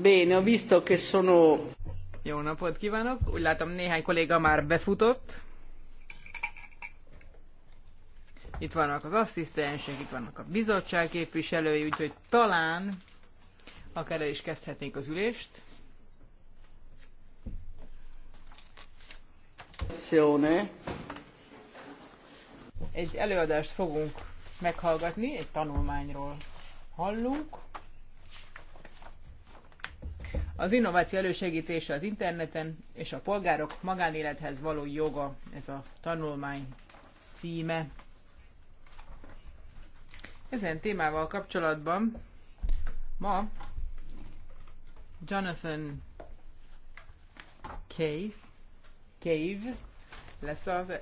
Bene, ho visto che sono... Jó napot kívánok! Úgy látom néhány kolléga már befutott. Itt vannak az asszisztensek, itt vannak a bizottság képviselői, úgyhogy talán akár el is kezdhetnénk az ülést. Egy előadást fogunk meghallgatni, egy tanulmányról hallunk. Az innováció elősegítése az interneten és a polgárok magánélethez való joga, ez a tanulmány címe. Ezen témával kapcsolatban ma Jonathan Cave, Cave lesz az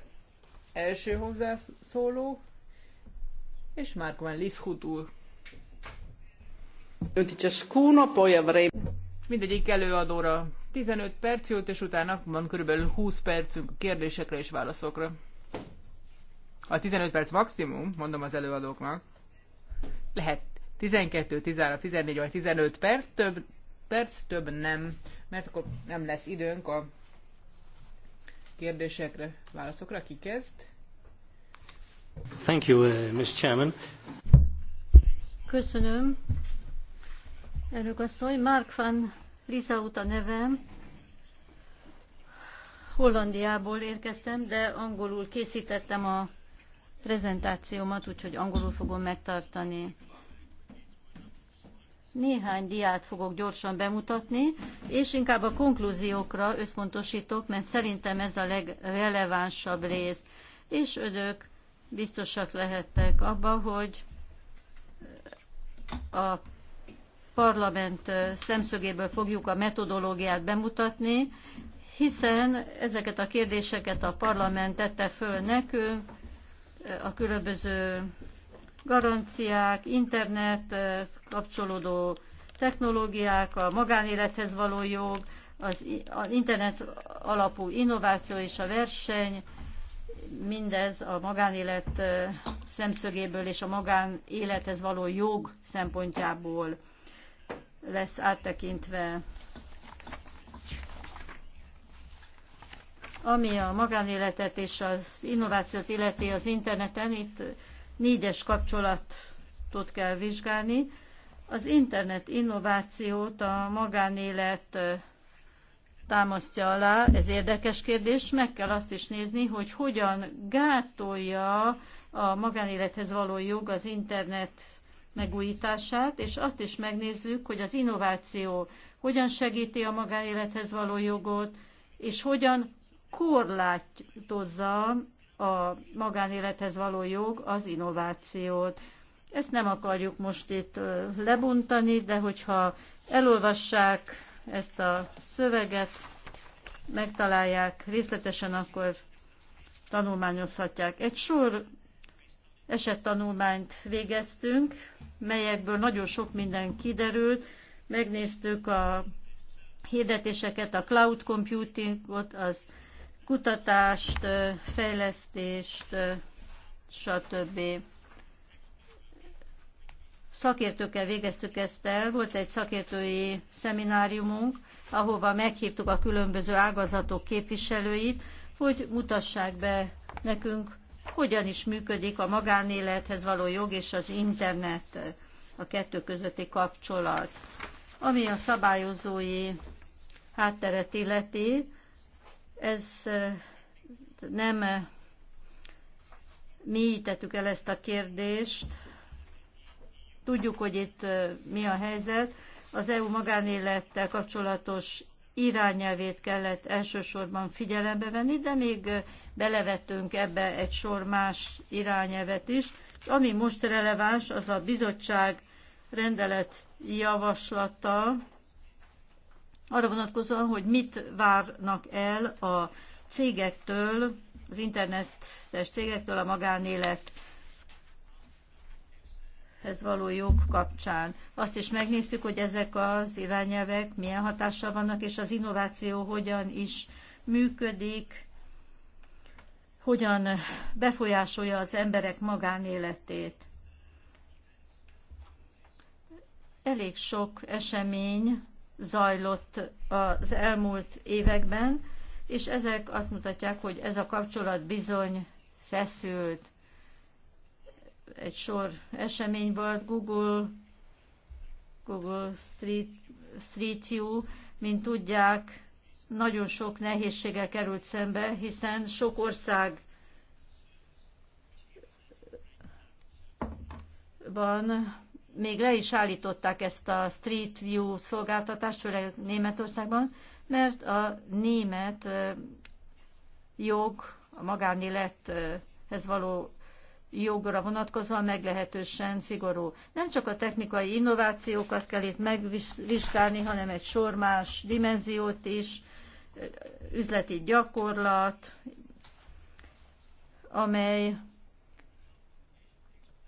első hozzászóló, és Mark van Liszhut úr. Ciascuno, poi avrei... Mindegyik előadóra 15 perc jót, és utána van körülbelül 20 percünk kérdésekre és válaszokra. A 15 perc maximum, mondom az előadóknak, lehet 12, 13, 14 vagy 15 perc, több, perc, több nem, mert akkor nem lesz időnk a kérdésekre, válaszokra. Ki kezd? Thank you, uh, Ms. Chairman. Köszönöm. Elnök asszony, Mark van Risaut a nevem. Hollandiából érkeztem, de angolul készítettem a prezentációmat, úgyhogy angolul fogom megtartani. Néhány diát fogok gyorsan bemutatni, és inkább a konklúziókra összpontosítok, mert szerintem ez a legrelevánsabb rész. És ödök biztosak lehettek abba, hogy a parlament szemszögéből fogjuk a metodológiát bemutatni, hiszen ezeket a kérdéseket a parlament tette föl nekünk, a különböző garanciák, internet kapcsolódó technológiák, a magánélethez való jog, az, internet alapú innováció és a verseny, mindez a magánélet szemszögéből és a magánélethez való jog szempontjából lesz áttekintve. Ami a magánéletet és az innovációt illeti az interneten, itt négyes kapcsolatot kell vizsgálni. Az internet innovációt a magánélet támasztja alá, ez érdekes kérdés, meg kell azt is nézni, hogy hogyan gátolja a magánélethez való jog az internet megújítását, és azt is megnézzük, hogy az innováció hogyan segíti a magánélethez való jogot, és hogyan korlátozza a magánélethez való jog az innovációt. Ezt nem akarjuk most itt lebontani, de hogyha elolvassák ezt a szöveget, megtalálják részletesen, akkor tanulmányozhatják. Egy sor esettanulmányt végeztünk melyekből nagyon sok minden kiderült. Megnéztük a hirdetéseket, a cloud computingot, az kutatást, fejlesztést, stb. Szakértőkkel végeztük ezt el, volt egy szakértői szemináriumunk, ahova meghívtuk a különböző ágazatok képviselőit, hogy mutassák be nekünk hogyan is működik a magánélethez való jog és az internet, a kettő közötti kapcsolat. Ami a szabályozói hátteret illeti, ez eh, nem eh, mi tettük el ezt a kérdést. Tudjuk, hogy itt eh, mi a helyzet. Az EU magánélettel kapcsolatos irányelvét kellett elsősorban figyelembe venni, de még belevettünk ebbe egy sor más irányelvet is. És ami most releváns, az a bizottság rendelet javaslata arra vonatkozóan, hogy mit várnak el a cégektől, az internetes cégektől a magánélet ez való jog kapcsán. Azt is megnéztük, hogy ezek az irányelvek milyen hatással vannak, és az innováció hogyan is működik, hogyan befolyásolja az emberek magánéletét. Elég sok esemény zajlott az elmúlt években, és ezek azt mutatják, hogy ez a kapcsolat bizony feszült egy sor esemény volt, Google, Google Street, Street View, mint tudják, nagyon sok nehézséggel került szembe, hiszen sok ország van, még le is állították ezt a Street View szolgáltatást, főleg Németországban, mert a német jog, a magánélethez való jogra vonatkozóan meglehetősen szigorú. Nem csak a technikai innovációkat kell itt megvizsgálni, hanem egy sor más dimenziót is, üzleti gyakorlat, amely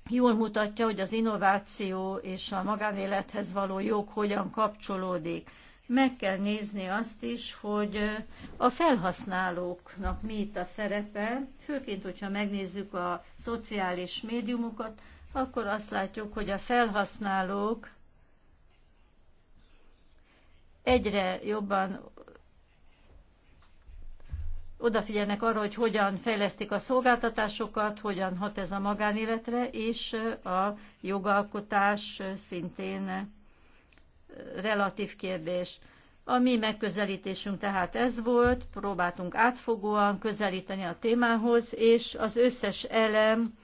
jól mutatja, hogy az innováció és a magánélethez való jog hogyan kapcsolódik meg kell nézni azt is, hogy a felhasználóknak mi itt a szerepe, főként, hogyha megnézzük a szociális médiumokat, akkor azt látjuk, hogy a felhasználók egyre jobban odafigyelnek arra, hogy hogyan fejlesztik a szolgáltatásokat, hogyan hat ez a magánéletre, és a jogalkotás szintén relatív kérdés. A mi megközelítésünk tehát ez volt, próbáltunk átfogóan közelíteni a témához, és az összes elem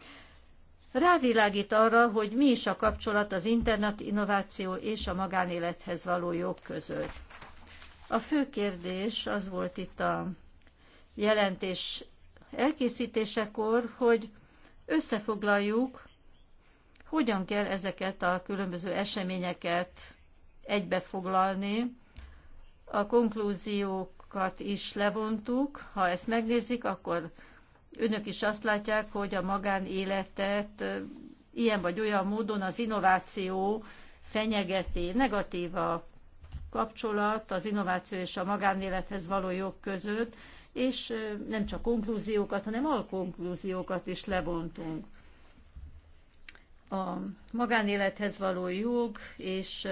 rávilágít arra, hogy mi is a kapcsolat az internet innováció és a magánélethez való jog között. A fő kérdés az volt itt a jelentés elkészítésekor, hogy összefoglaljuk, hogyan kell ezeket a különböző eseményeket egybefoglalni. A konklúziókat is levontuk. Ha ezt megnézik, akkor önök is azt látják, hogy a magánéletet ilyen vagy olyan módon az innováció fenyegeti. Negatív a kapcsolat az innováció és a magánélethez való jog között, és nem csak konklúziókat, hanem alkonklúziókat is levontunk. A magánélethez való jog és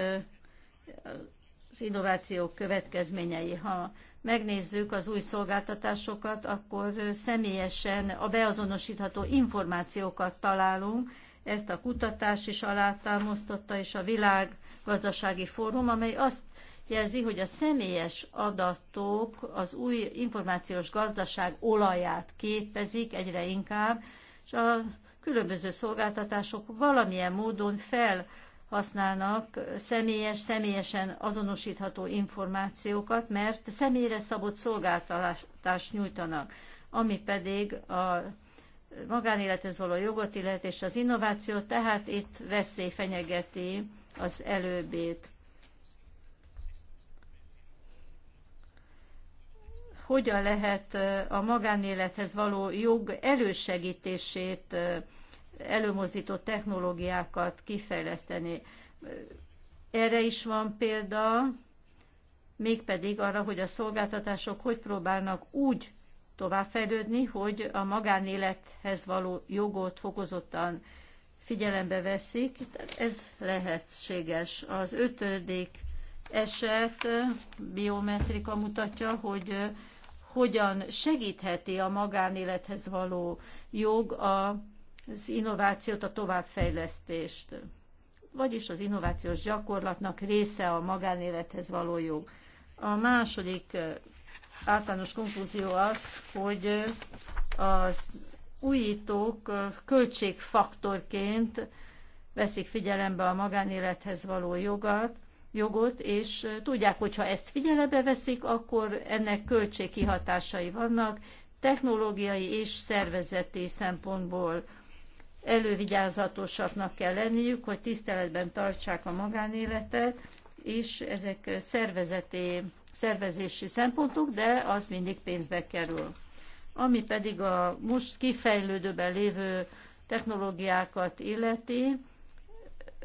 az innovációk következményei. Ha megnézzük az új szolgáltatásokat, akkor személyesen a beazonosítható információkat találunk. Ezt a kutatás is alátámasztotta, és a világgazdasági fórum, amely azt jelzi, hogy a személyes adatok az új információs gazdaság olaját képezik egyre inkább, és a különböző szolgáltatások valamilyen módon fel használnak személyes, személyesen azonosítható információkat, mert személyre szabott szolgáltatást nyújtanak, ami pedig a magánélethez való jogot illet és az innováció, tehát itt veszély fenyegeti az előbét. Hogyan lehet a magánélethez való jog elősegítését előmozdító technológiákat kifejleszteni. Erre is van példa, mégpedig arra, hogy a szolgáltatások hogy próbálnak úgy továbbfejlődni, hogy a magánélethez való jogot fokozottan figyelembe veszik. Ez lehetséges. Az ötödik eset biometrika mutatja, hogy hogyan segítheti a magánélethez való jog a az innovációt, a továbbfejlesztést. Vagyis az innovációs gyakorlatnak része a magánélethez való jog. A második általános konklúzió az, hogy az újítók költségfaktorként veszik figyelembe a magánélethez való jogat, jogot, és tudják, hogy ha ezt figyelembe veszik, akkor ennek költségkihatásai vannak technológiai és szervezeti szempontból elővigyázatosaknak kell lenniük, hogy tiszteletben tartsák a magánéletet, és ezek szervezeti, szervezési szempontok, de az mindig pénzbe kerül. Ami pedig a most kifejlődőben lévő technológiákat illeti,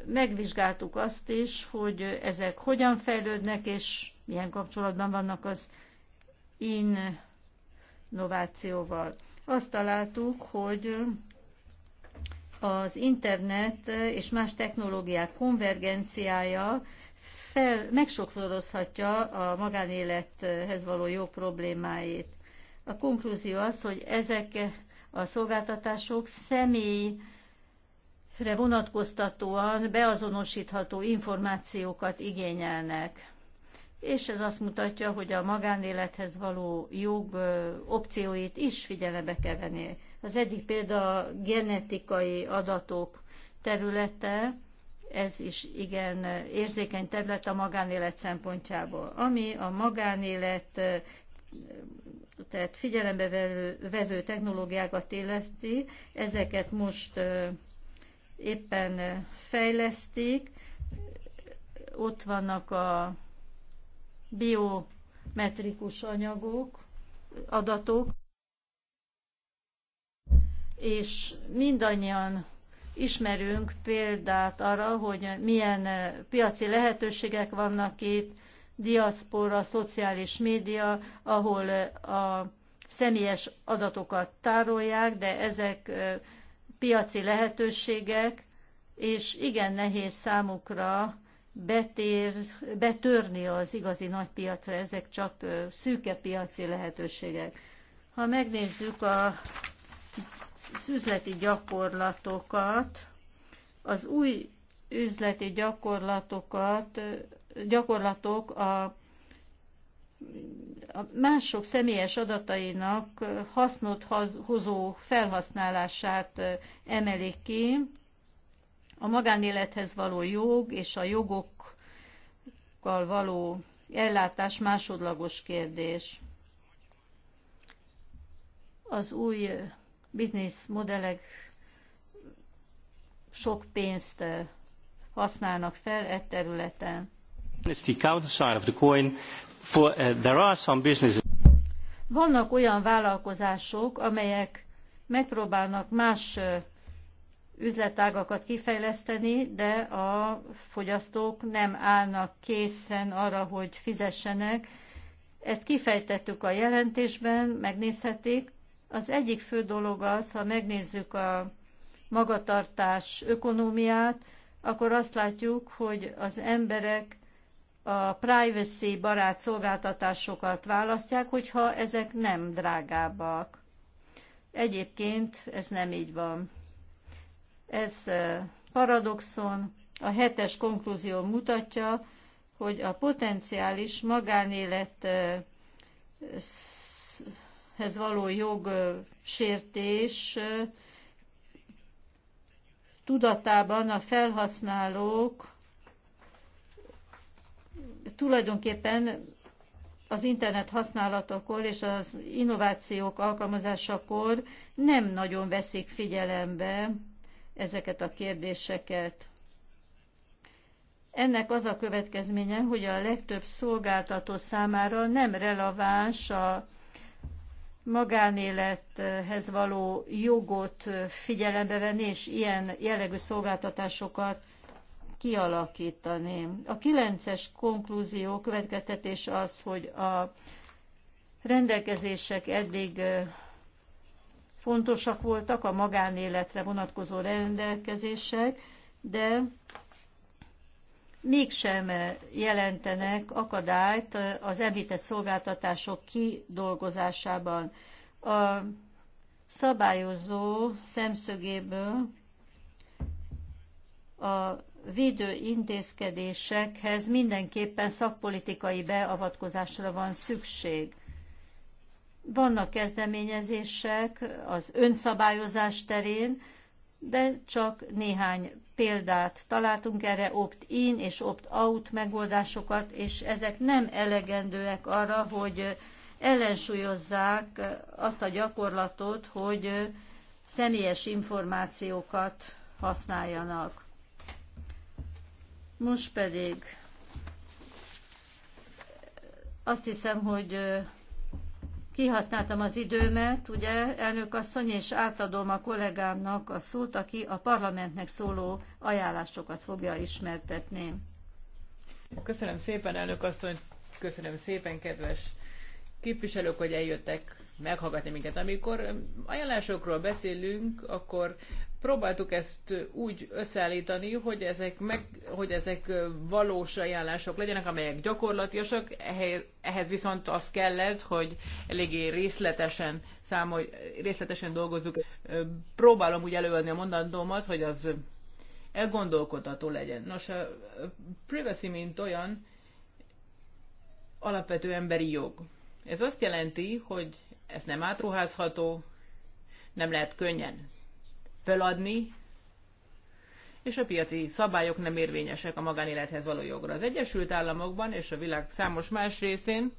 megvizsgáltuk azt is, hogy ezek hogyan fejlődnek, és milyen kapcsolatban vannak az innovációval. Azt találtuk, hogy az internet és más technológiák konvergenciája fel, megsokszorozhatja a magánélethez való jog problémáit. A konklúzió az, hogy ezek a szolgáltatások személyre vonatkoztatóan beazonosítható információkat igényelnek. És ez azt mutatja, hogy a magánélethez való jog opcióit is figyelembe kell venni. Az egyik példa a genetikai adatok területe, ez is igen érzékeny terület a magánélet szempontjából. Ami a magánélet tehát figyelembe vevő technológiákat illeti, ezeket most éppen fejlesztik, ott vannak a biometrikus anyagok, adatok, és mindannyian ismerünk példát arra, hogy milyen eh, piaci lehetőségek vannak itt, diaszpora, szociális média, ahol eh, a személyes adatokat tárolják, de ezek eh, piaci lehetőségek, és igen nehéz számukra betér, betörni az igazi nagy piacra, ezek csak szűke piaci lehetőségek. Ha megnézzük a üzleti gyakorlatokat, az új üzleti gyakorlatokat, gyakorlatok a, a mások személyes adatainak hasznot hozó felhasználását emelik ki, a magánélethez való jog és a jogokkal való ellátás másodlagos kérdés. Az új bizniszmodellek sok pénzt eh, használnak fel e területen. Eh, Vannak olyan vállalkozások, amelyek megpróbálnak más eh, üzletágakat kifejleszteni, de a fogyasztók nem állnak készen arra, hogy fizessenek. Ezt kifejtettük a jelentésben, megnézhetik. Az egyik fő dolog az, ha megnézzük a magatartás ökonómiát, akkor azt látjuk, hogy az emberek a privacy barát szolgáltatásokat választják, hogyha ezek nem drágábbak. Egyébként ez nem így van. Ez paradoxon, a hetes konklúzió mutatja, hogy a potenciális magánélet élethez való jogsértés tudatában a felhasználók tulajdonképpen az internet használatakor és az innovációk alkalmazásakor nem nagyon veszik figyelembe ezeket a kérdéseket. Ennek az a következménye, hogy a legtöbb szolgáltató számára nem releváns a magánélethez való jogot figyelembe venni, és ilyen jellegű szolgáltatásokat kialakítani. A kilences konklúzió következtetés az, hogy a rendelkezések eddig fontosak voltak, a magánéletre vonatkozó rendelkezések, de mégsem jelentenek akadályt az említett szolgáltatások kidolgozásában. A szabályozó szemszögéből a védő intézkedésekhez mindenképpen szakpolitikai beavatkozásra van szükség. Vannak kezdeményezések az önszabályozás terén, de csak néhány példát találtunk erre, opt-in és opt-out megoldásokat, és ezek nem elegendőek arra, hogy ellensúlyozzák azt a gyakorlatot, hogy személyes információkat használjanak. Most pedig azt hiszem, hogy Kihasználtam az időmet, ugye, elnök asszony, és átadom a kollégámnak a szót, aki a parlamentnek szóló ajánlásokat fogja ismertetni. Köszönöm szépen, elnök asszony, köszönöm szépen, kedves képviselők, hogy eljöttek meghallgatni minket. Amikor ajánlásokról beszélünk, akkor Próbáltuk ezt úgy összeállítani, hogy ezek, meg, hogy ezek valós ajánlások legyenek, amelyek gyakorlatiasak, ehhez viszont az kellett, hogy eléggé részletesen, számol, részletesen dolgozzuk. Próbálom úgy előadni a mondandómat, hogy az elgondolkodható legyen. Nos, a privacy mint olyan alapvető emberi jog. Ez azt jelenti, hogy ez nem átruházható, nem lehet könnyen föladni, és a piaci szabályok nem érvényesek a magánélethez való jogra. Az Egyesült Államokban és a világ számos más részén,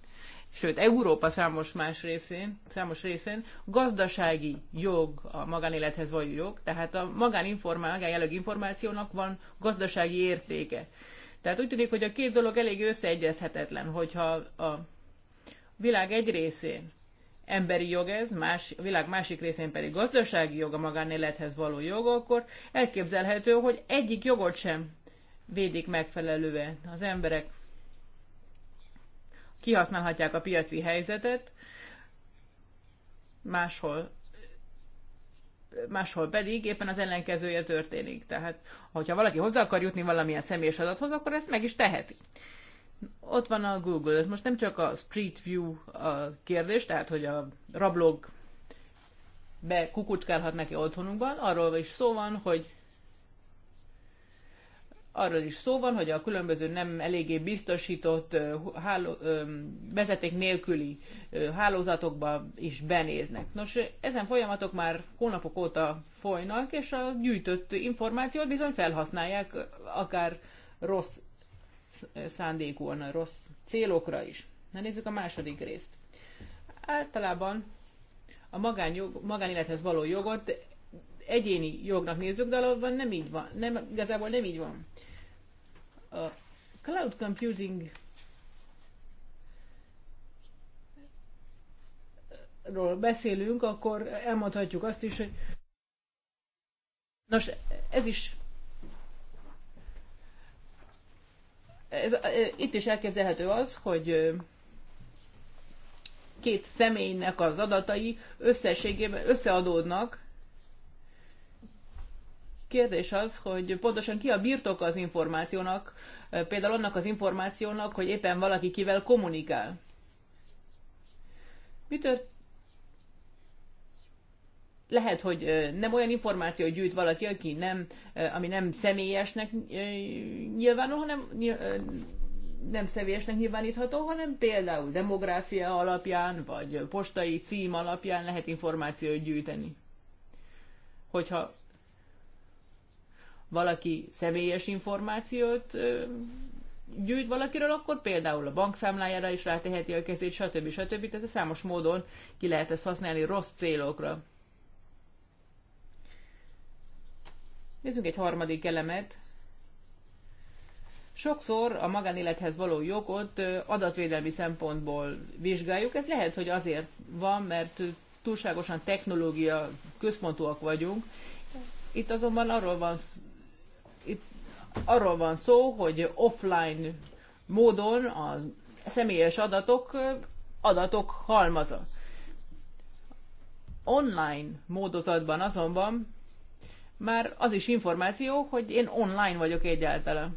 sőt Európa számos más részén, számos részén gazdasági jog a magánélethez való jog, tehát a magáninformá, magánjelög információnak van gazdasági értéke. Tehát úgy tűnik, hogy a két dolog elég összeegyezhetetlen, hogyha a világ egy részén emberi jog ez, más, a világ másik részén pedig gazdasági jog, a magánélethez való jog, akkor elképzelhető, hogy egyik jogot sem védik megfelelően az emberek kihasználhatják a piaci helyzetet, máshol máshol pedig éppen az ellenkezője történik. Tehát, hogyha valaki hozzá akar jutni valamilyen személyes adathoz, akkor ezt meg is teheti. Ott van a Google. Most nem csak a Street View a kérdés, tehát hogy a rablók bekukucskálhat neki otthonunkban, arról is szó van, hogy arról is szó van, hogy a különböző nem eléggé biztosított háló, vezeték nélküli hálózatokba is benéznek. Nos, ezen folyamatok már hónapok óta folynak, és a gyűjtött információt bizony felhasználják akár rossz szándékúan, rossz célokra is. Na nézzük a második részt. Általában a magánjog, magánélethez való jogot egyéni jognak nézzük, de alapban nem így van. Nem, igazából nem így van. A cloud computing ról beszélünk, akkor elmondhatjuk azt is, hogy Nos, ez is ez, itt is elképzelhető az, hogy két személynek az adatai összességében összeadódnak. Kérdés az, hogy pontosan ki a birtoka az információnak, például annak az információnak, hogy éppen valaki kivel kommunikál. Mi tört, lehet, hogy nem olyan információ gyűjt valaki, aki nem, ami nem személyesnek nyilvánul, hanem nem személyesnek nyilvánítható, hanem például demográfia alapján, vagy postai cím alapján lehet információt gyűjteni. Hogyha valaki személyes információt gyűjt valakiről, akkor például a bankszámlájára is ráteheti a kezét, stb. stb. Tehát számos módon ki lehet ezt használni rossz célokra. Nézzünk egy harmadik elemet. Sokszor a magánélethez való jogot adatvédelmi szempontból vizsgáljuk. Ez lehet, hogy azért van, mert túlságosan technológia központúak vagyunk. Itt azonban arról van, itt arról van szó, hogy offline módon a személyes adatok adatok halmaza. Online módozatban azonban már az is információ, hogy én online vagyok egyáltalán.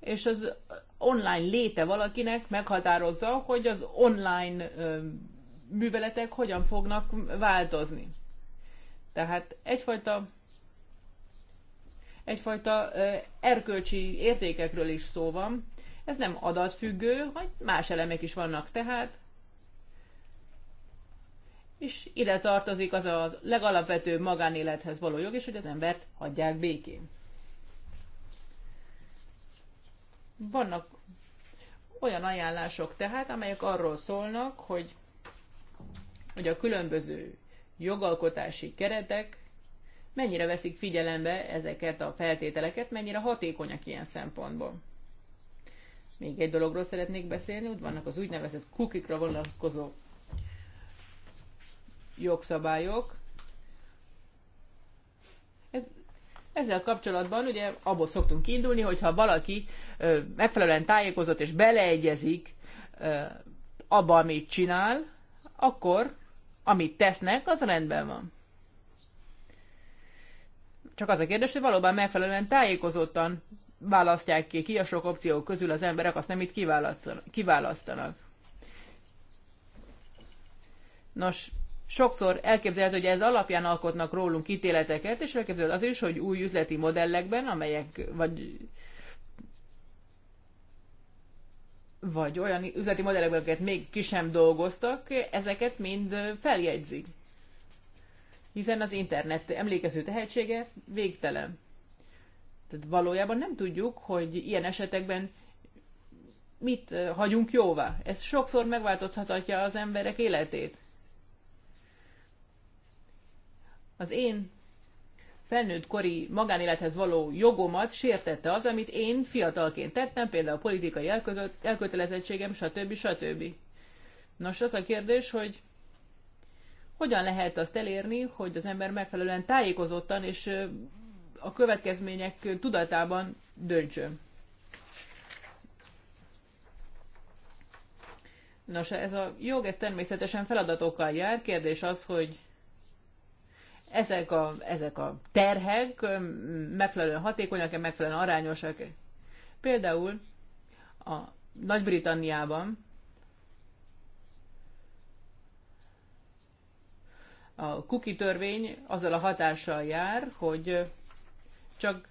És az online léte valakinek meghatározza, hogy az online műveletek hogyan fognak változni. Tehát egyfajta egyfajta erkölcsi értékekről is szó van. Ez nem adatfüggő, hogy más elemek is vannak tehát és ide tartozik az a legalapvető magánélethez való jog is, hogy az embert hagyják békén. Vannak olyan ajánlások tehát, amelyek arról szólnak, hogy, hogy a különböző jogalkotási keretek mennyire veszik figyelembe ezeket a feltételeket, mennyire hatékonyak ilyen szempontból. Még egy dologról szeretnék beszélni, úgy vannak az úgynevezett kukikra vonatkozó jogszabályok. Ez, ezzel kapcsolatban ugye abból szoktunk kiindulni, hogyha valaki ö, megfelelően tájékozott és beleegyezik ö, abba, amit csinál, akkor amit tesznek, az rendben van. Csak az a kérdés, hogy valóban megfelelően tájékozottan választják ki, ki a sok opció közül az emberek azt, nem itt kiválasztanak. Nos, sokszor elképzelhető, hogy ez alapján alkotnak rólunk ítéleteket, és elképzelhető az is, hogy új üzleti modellekben, amelyek vagy vagy olyan üzleti modellekben, amiket még ki sem dolgoztak, ezeket mind feljegyzik. Hiszen az internet emlékező tehetsége végtelen. Tehát valójában nem tudjuk, hogy ilyen esetekben mit hagyunk jóvá. Ez sokszor megváltozhatja az emberek életét. az én felnőtt kori magánélethez való jogomat sértette az, amit én fiatalként tettem, például a politikai elkötelezettségem, stb. stb. Nos, az a kérdés, hogy hogyan lehet azt elérni, hogy az ember megfelelően tájékozottan és a következmények tudatában döntsön. Nos, ez a jog, ez természetesen feladatokkal jár. Kérdés az, hogy ezek a, ezek a terhek megfelelően hatékonyak-e, megfelelően arányosak-e. Például a Nagy-Britanniában a kuki törvény azzal a hatással jár, hogy csak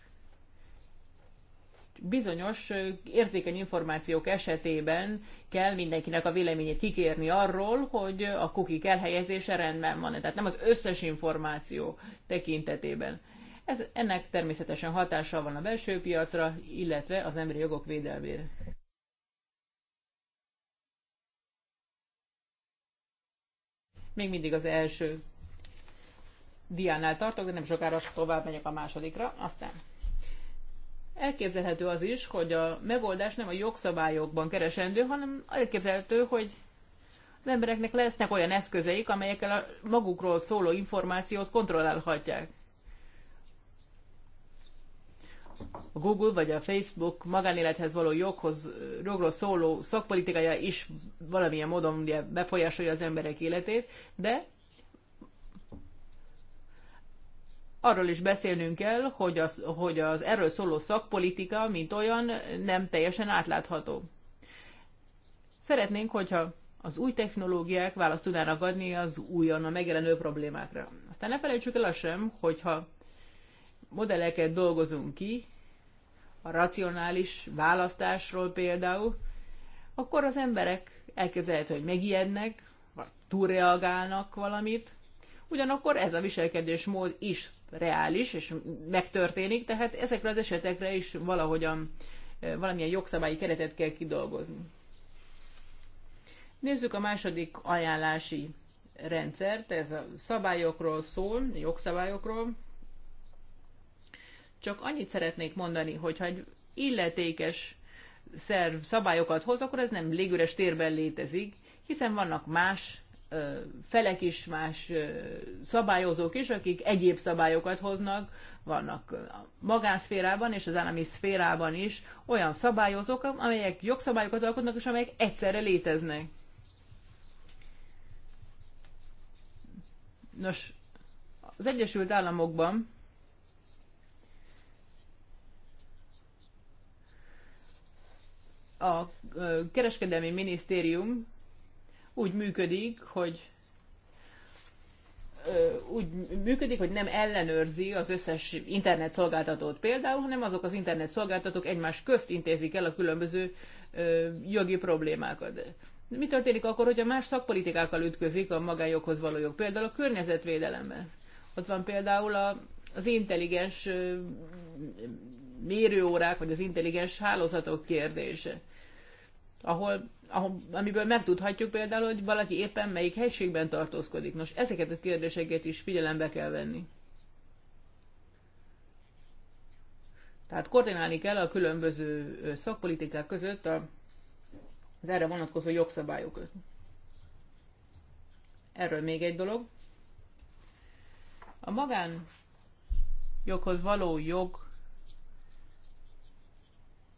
bizonyos érzékeny információk esetében kell mindenkinek a véleményét kikérni arról, hogy a kukik elhelyezése rendben van-e. Tehát nem az összes információ tekintetében. Ez, ennek természetesen hatása van a belső piacra, illetve az emberi jogok védelmére. Még mindig az első diánál tartok, de nem sokára tovább megyek a másodikra, aztán Elképzelhető az is, hogy a megoldás nem a jogszabályokban keresendő, hanem elképzelhető, hogy az embereknek lesznek olyan eszközeik, amelyekkel a magukról szóló információt kontrollálhatják. A Google vagy a Facebook magánélethez való joghoz, jogról szóló szakpolitikája is valamilyen módon befolyásolja az emberek életét, de arról is beszélnünk kell, hogy az, hogy az erről szóló szakpolitika, mint olyan, nem teljesen átlátható. Szeretnénk, hogyha az új technológiák választ tudnának adni az újonnan megjelenő problémákra. Aztán ne felejtsük el azt sem, hogyha modelleket dolgozunk ki, a racionális választásról például, akkor az emberek elképzelhető, hogy megijednek, vagy túlreagálnak valamit, ugyanakkor ez a viselkedésmód is reális, és megtörténik, tehát ezekre az esetekre is valahogyan valamilyen jogszabályi keretet kell kidolgozni. Nézzük a második ajánlási rendszert, ez a szabályokról szól, jogszabályokról. Csak annyit szeretnék mondani, hogy ha egy illetékes szerv szabályokat hoz, akkor ez nem légüres térben létezik, hiszen vannak más felek is, más szabályozók is, akik egyéb szabályokat hoznak, vannak a magánszférában és az állami szférában is olyan szabályozók, amelyek jogszabályokat alkotnak, és amelyek egyszerre léteznek. Nos, az Egyesült Államokban a kereskedelmi minisztérium úgy működik, hogy úgy működik, hogy nem ellenőrzi az összes internet szolgáltatót például, hanem azok az internet szolgáltatók egymás közt intézik el a különböző jogi problémákat. Mi történik akkor, hogy a más szakpolitikákkal ütközik a magányokhoz való jog? Például a környezetvédelemben. Ott van például a, az intelligens mérőórák, vagy az intelligens hálózatok kérdése ahol, ahol, amiből megtudhatjuk például, hogy valaki éppen melyik helységben tartózkodik. Nos, ezeket a kérdéseket is figyelembe kell venni. Tehát koordinálni kell a különböző szakpolitikák között a, az erre vonatkozó jogszabályokat. Erről még egy dolog. A magán joghoz való jog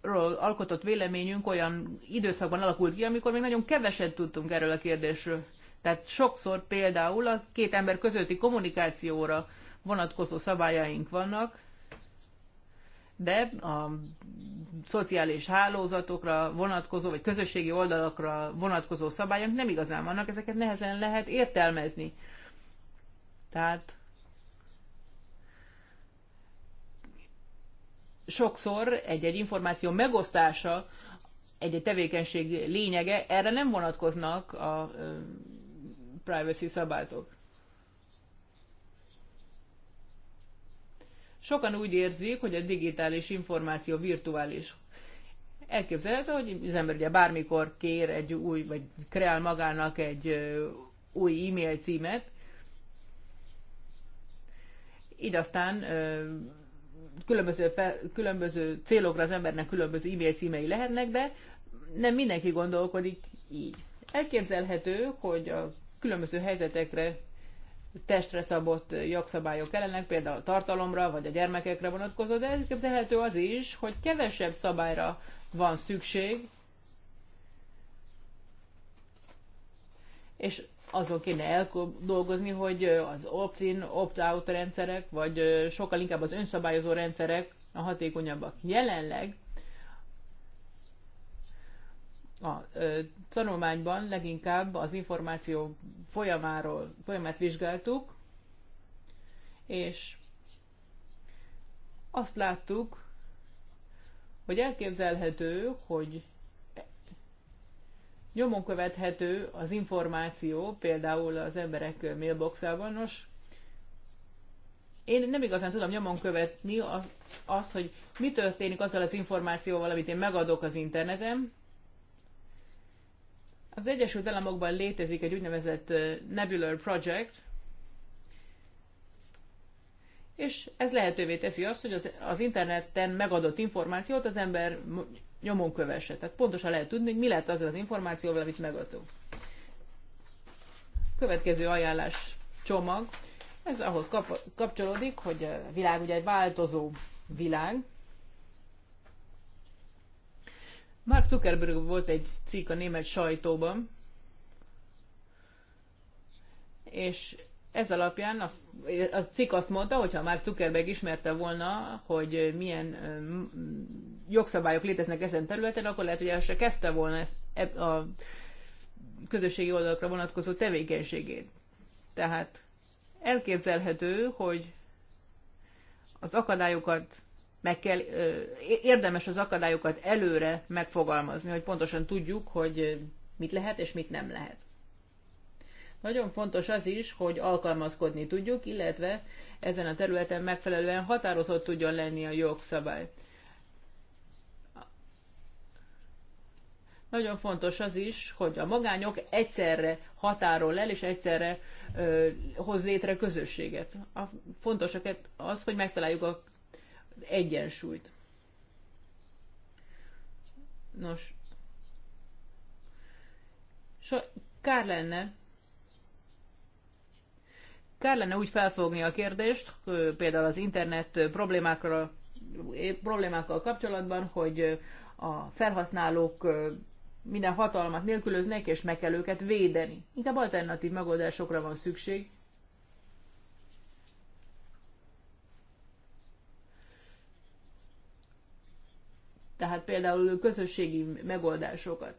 ról alkotott véleményünk olyan időszakban alakult ki, amikor még nagyon keveset tudtunk erről a kérdésről. Tehát sokszor például a két ember közötti kommunikációra vonatkozó szabályaink vannak, de a szociális hálózatokra vonatkozó, vagy közösségi oldalakra vonatkozó szabályok nem igazán vannak, ezeket nehezen lehet értelmezni. Tehát sokszor egy-egy információ megosztása, egy-egy tevékenység lényege, erre nem vonatkoznak a privacy szabályok. Sokan úgy érzik, hogy a digitális információ virtuális. Elképzelhető, hogy az ember ugye bármikor kér egy új, vagy kreál magának egy új e-mail címet, így aztán különböző, fel, különböző célokra az embernek különböző e-mail címei lehetnek, de nem mindenki gondolkodik így. Elképzelhető, hogy a különböző helyzetekre testre szabott jogszabályok kellenek, például a tartalomra vagy a gyermekekre vonatkozó, de elképzelhető az is, hogy kevesebb szabályra van szükség, és azon kéne dolgozni, hogy az opt-in, opt-out rendszerek, vagy sokkal inkább az önszabályozó rendszerek a hatékonyabbak. Jelenleg a tanulmányban leginkább az információ folyamáról, folyamát vizsgáltuk, és azt láttuk, hogy elképzelhető, hogy Nyomon követhető az információ, például az emberek mailboxában. Nos, én nem igazán tudom nyomon követni azt, azt, hogy mi történik azzal az információval, amit én megadok az interneten. Az Egyesült Államokban létezik egy úgynevezett Nebular Project, és ez lehetővé teszi azt, hogy az, az interneten megadott információt az ember nyomon kövesse. Tehát pontosan lehet tudni, hogy mi lett az az információval, amit megadtunk. Következő ajánlás csomag. Ez ahhoz kap- kapcsolódik, hogy a világ ugye egy változó világ. Mark Zuckerberg volt egy cikk a német sajtóban, és ez alapján az, a cikk azt mondta, hogy ha már Zuckerberg ismerte volna, hogy milyen jogszabályok léteznek ezen területen, akkor lehet, hogy el se kezdte volna ezt a közösségi oldalakra vonatkozó tevékenységét. Tehát elképzelhető, hogy az akadályokat meg kell, érdemes az akadályokat előre megfogalmazni, hogy pontosan tudjuk, hogy mit lehet és mit nem lehet. Nagyon fontos az is, hogy alkalmazkodni tudjuk, illetve ezen a területen megfelelően határozott tudjon lenni a jogszabály. Nagyon fontos az is, hogy a magányok egyszerre határol el, és egyszerre ö, hoz létre közösséget. A, fontos e- az, hogy megtaláljuk az egyensúlyt. Nos, so, kár lenne, Kellene úgy felfogni a kérdést, például az internet problémákra, problémákkal kapcsolatban, hogy a felhasználók minden hatalmat nélkülöznek, és meg kell őket védeni. Inkább alternatív megoldásokra van szükség. Tehát például közösségi megoldásokat.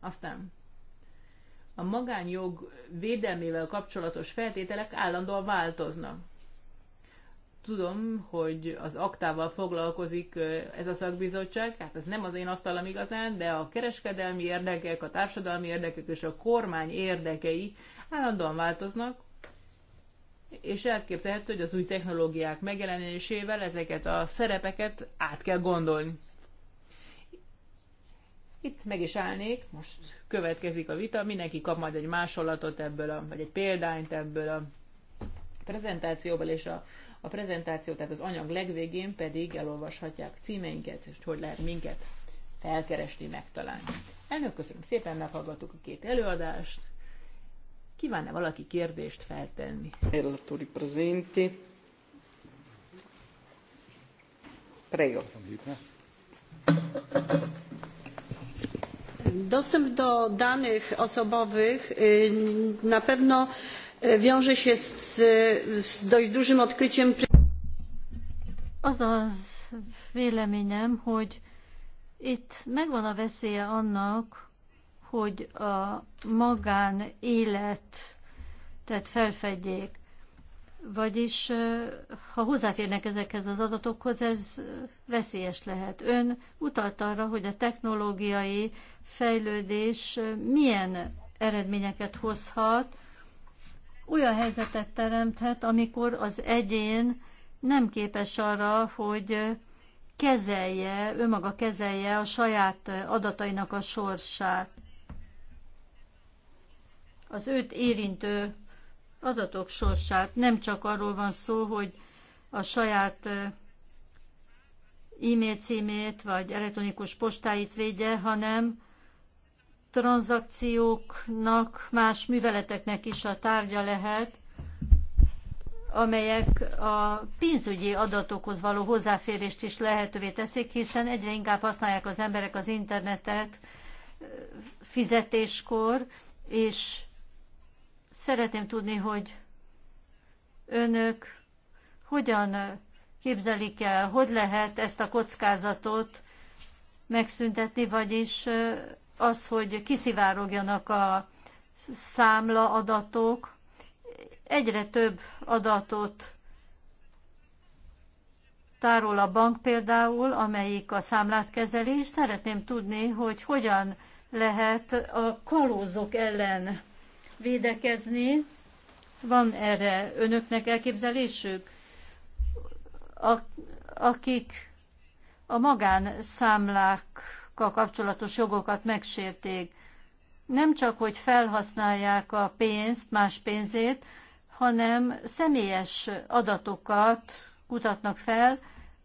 Aztán a magánjog védelmével kapcsolatos feltételek állandóan változnak. Tudom, hogy az aktával foglalkozik ez a szakbizottság, hát ez nem az én asztalam igazán, de a kereskedelmi érdekek, a társadalmi érdekek és a kormány érdekei állandóan változnak, és elképzelhető, hogy az új technológiák megjelenésével ezeket a szerepeket át kell gondolni. Itt meg is állnék, most következik a vita, mindenki kap majd egy másolatot ebből, a, vagy egy példányt ebből a prezentációból, és a, a prezentáció, tehát az anyag legvégén pedig elolvashatják címeinket, és hogy lehet minket felkeresni, megtalálni. Elnök, köszönöm szépen, meghallgattuk a két előadást. Kívánna -e valaki kérdést feltenni? Relatori presenti. Prego. Dostęp do danych osobowych na pewno wiąże się z, z dość dużym odkryciem. Az az véleményem, hogy itt megvan a veszélye annak, hogy a magánélet tehát felfedjék. Vagyis, ha hozzáférnek ezekhez az adatokhoz, ez veszélyes lehet. Ön utalt arra, hogy a technológiai fejlődés milyen eredményeket hozhat, olyan helyzetet teremthet, amikor az egyén nem képes arra, hogy kezelje, önmaga kezelje a saját adatainak a sorsát. Az őt érintő adatok sorsát. Nem csak arról van szó, hogy a saját e-mail címét vagy elektronikus postáit védje, hanem tranzakcióknak, más műveleteknek is a tárgya lehet, amelyek a pénzügyi adatokhoz való hozzáférést is lehetővé teszik, hiszen egyre inkább használják az emberek az internetet fizetéskor, és Szeretném tudni, hogy önök hogyan képzelik el, hogy lehet ezt a kockázatot megszüntetni, vagyis az, hogy kiszivárogjanak a számla adatok, egyre több adatot tárol a bank például, amelyik a számlát kezeli, és szeretném tudni, hogy hogyan lehet a kalózok ellen védekezni. Van erre önöknek elképzelésük? A, akik a magánszámlákkal kapcsolatos jogokat megsérték, nem csak, hogy felhasználják a pénzt, más pénzét, hanem személyes adatokat kutatnak fel,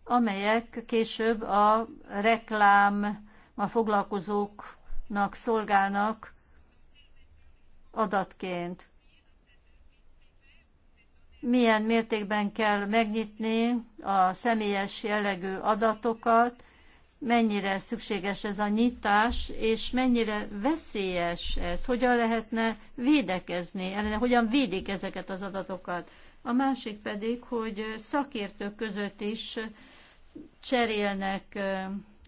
amelyek később a reklám, a foglalkozóknak szolgálnak adatként. Milyen mértékben kell megnyitni a személyes jellegű adatokat, mennyire szükséges ez a nyitás, és mennyire veszélyes ez, hogyan lehetne védekezni, ellene, hogyan védik ezeket az adatokat. A másik pedig, hogy szakértők között is cserélnek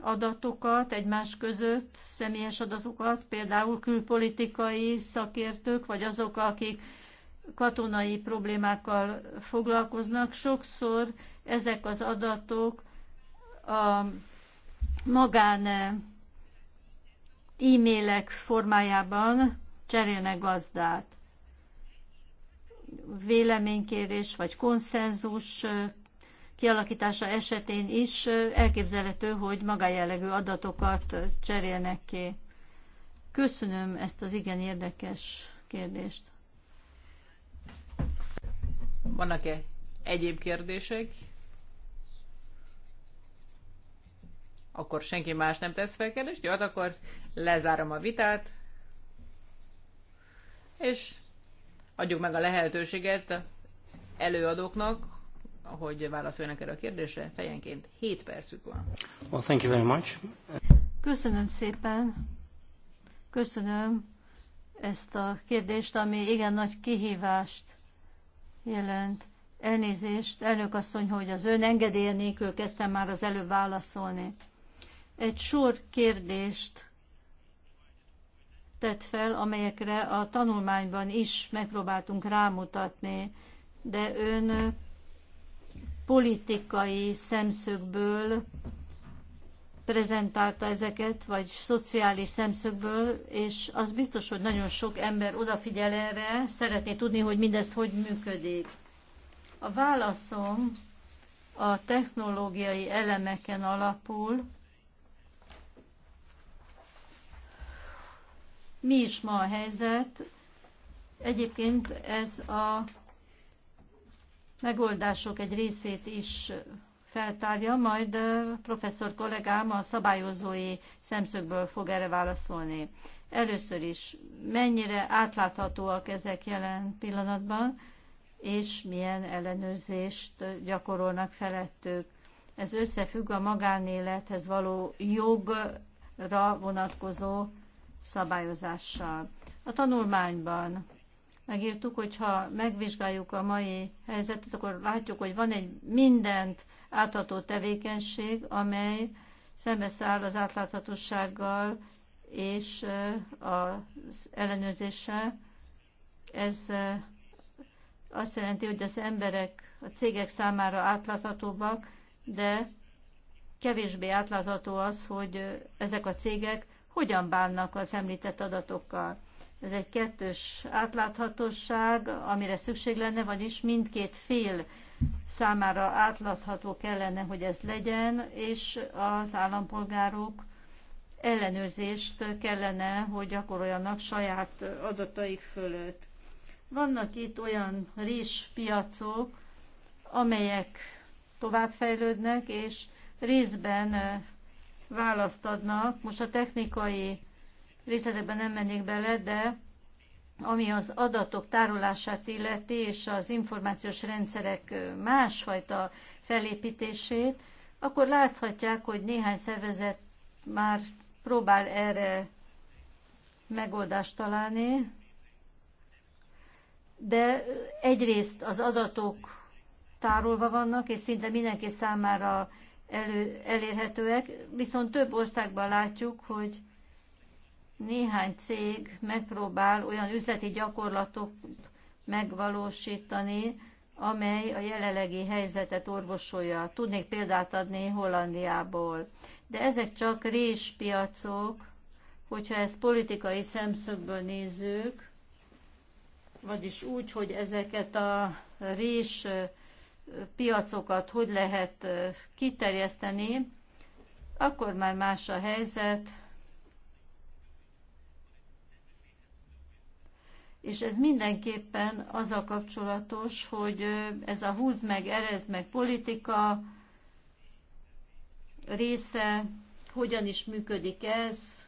adatokat egymás között, személyes adatokat, például külpolitikai szakértők, vagy azok, akik katonai problémákkal foglalkoznak. Sokszor ezek az adatok a magán eh, e-mailek formájában cserélnek gazdát. Véleménykérés vagy konszenzus eh, kialakítása esetén is elképzelhető, hogy magájellegű adatokat cserélnek ki. Köszönöm ezt az igen érdekes kérdést. Vannak-e egyéb kérdések? Akkor senki más nem tesz fel kérdést? Jó, hát akkor lezárom a vitát, és adjuk meg a lehetőséget előadóknak, hogy válaszoljanak erre a kérdésre. Fejenként 7 percük van. Well, thank you very much. Köszönöm szépen. Köszönöm ezt a kérdést, ami igen nagy kihívást jelent. Elnézést, elnök asszony, hogy az ön engedélye nélkül kezdtem már az előbb válaszolni. Egy sor kérdést tett fel, amelyekre a tanulmányban is megpróbáltunk rámutatni, de ön politikai szemszögből prezentálta ezeket, vagy szociális szemszögből, és az biztos, hogy nagyon sok ember odafigyel erre, szeretné tudni, hogy mindez hogy működik. A válaszom a technológiai elemeken alapul. Mi is ma a helyzet? Egyébként ez a megoldások egy részét is feltárja, majd professzor kollégám a szabályozói szemszögből fog erre válaszolni. Először is, mennyire átláthatóak ezek jelen pillanatban, és milyen ellenőrzést gyakorolnak felettük. Ez összefügg a magánélethez való jogra vonatkozó szabályozással. A tanulmányban megírtuk, hogyha megvizsgáljuk a mai helyzetet, akkor látjuk, hogy van egy mindent átható tevékenység, amely szembeszáll az átláthatósággal és az ellenőrzéssel. Ez azt jelenti, hogy az emberek a cégek számára átláthatóbbak, de kevésbé átlátható az, hogy ezek a cégek hogyan bánnak az említett adatokkal. Ez egy kettős átláthatóság, amire szükség lenne, vagyis mindkét fél számára átlátható kellene, hogy ez legyen, és az állampolgárok ellenőrzést kellene, hogy gyakoroljanak saját adataik fölött. Vannak itt olyan piacok, amelyek továbbfejlődnek, és részben választ adnak. Most a technikai részletekben nem mennék bele, de ami az adatok tárolását illeti, és az információs rendszerek másfajta felépítését, akkor láthatják, hogy néhány szervezet már próbál erre megoldást találni, de egyrészt az adatok tárolva vannak, és szinte mindenki számára elő, elérhetőek, viszont több országban látjuk, hogy néhány cég megpróbál olyan üzleti gyakorlatot megvalósítani, amely a jelenlegi helyzetet orvosolja. Tudnék példát adni Hollandiából. De ezek csak réspiacok, hogyha ezt politikai szemszögből nézzük, vagyis úgy, hogy ezeket a rés piacokat hogy lehet kiterjeszteni, akkor már más a helyzet, és ez mindenképpen az a kapcsolatos, hogy ez a húz meg, erez meg politika része, hogyan is működik ez,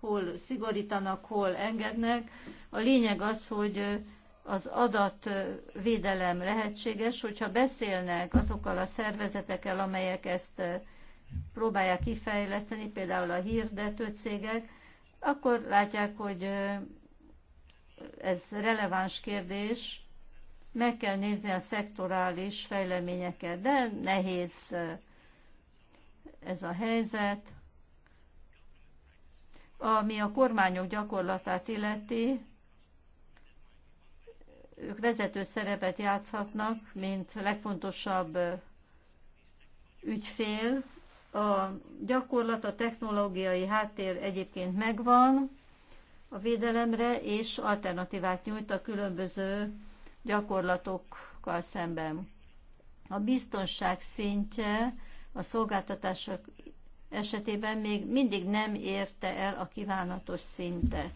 hol szigorítanak, hol engednek. A lényeg az, hogy az adatvédelem lehetséges, hogyha beszélnek azokkal a szervezetekkel, amelyek ezt próbálják kifejleszteni, például a hirdető cégek, akkor látják, hogy ez releváns kérdés, meg kell nézni a szektorális fejleményeket, de nehéz eh, ez a helyzet. Ami a kormányok gyakorlatát illeti, ők vezető szerepet játszhatnak, mint legfontosabb eh, ügyfél. A gyakorlat, a technológiai háttér egyébként megvan, a védelemre, és alternatívát nyújt a különböző gyakorlatokkal szemben. A biztonság szintje a szolgáltatások esetében még mindig nem érte el a kívánatos szintet.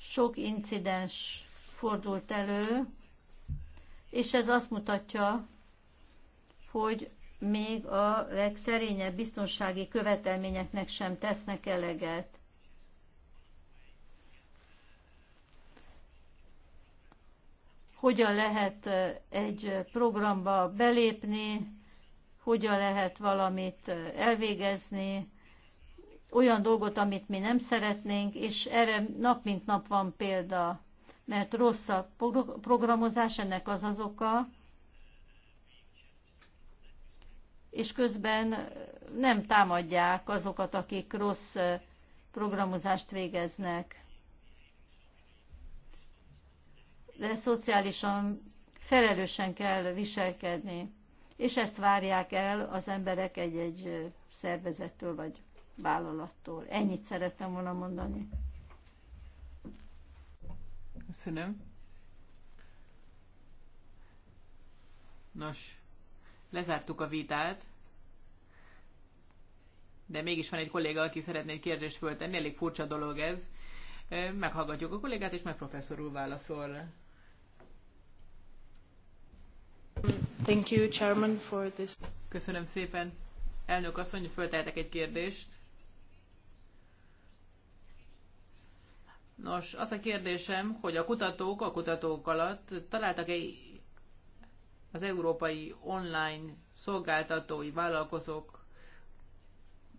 Sok incidens fordult elő, és ez azt mutatja, hogy még a legszerényebb biztonsági követelményeknek sem tesznek eleget. Hogyan lehet egy programba belépni, hogyan lehet valamit elvégezni, olyan dolgot, amit mi nem szeretnénk, és erre nap mint nap van példa, mert rossz a programozás, ennek az az oka, és közben nem támadják azokat, akik rossz programozást végeznek. De szociálisan felelősen kell viselkedni, és ezt várják el az emberek egy-egy szervezettől vagy vállalattól. Ennyit szerettem volna mondani. Köszönöm. Nos, lezártuk a vitát, de mégis van egy kolléga, aki szeretné egy kérdést föltenni, elég furcsa dolog ez. Meghallgatjuk a kollégát, és meg professzor úr válaszol. Thank you, Chairman, for this. Köszönöm szépen. Elnök asszony, hogy fölteltek egy kérdést. Nos, az a kérdésem, hogy a kutatók a kutatók alatt találtak-e az európai online szolgáltatói vállalkozók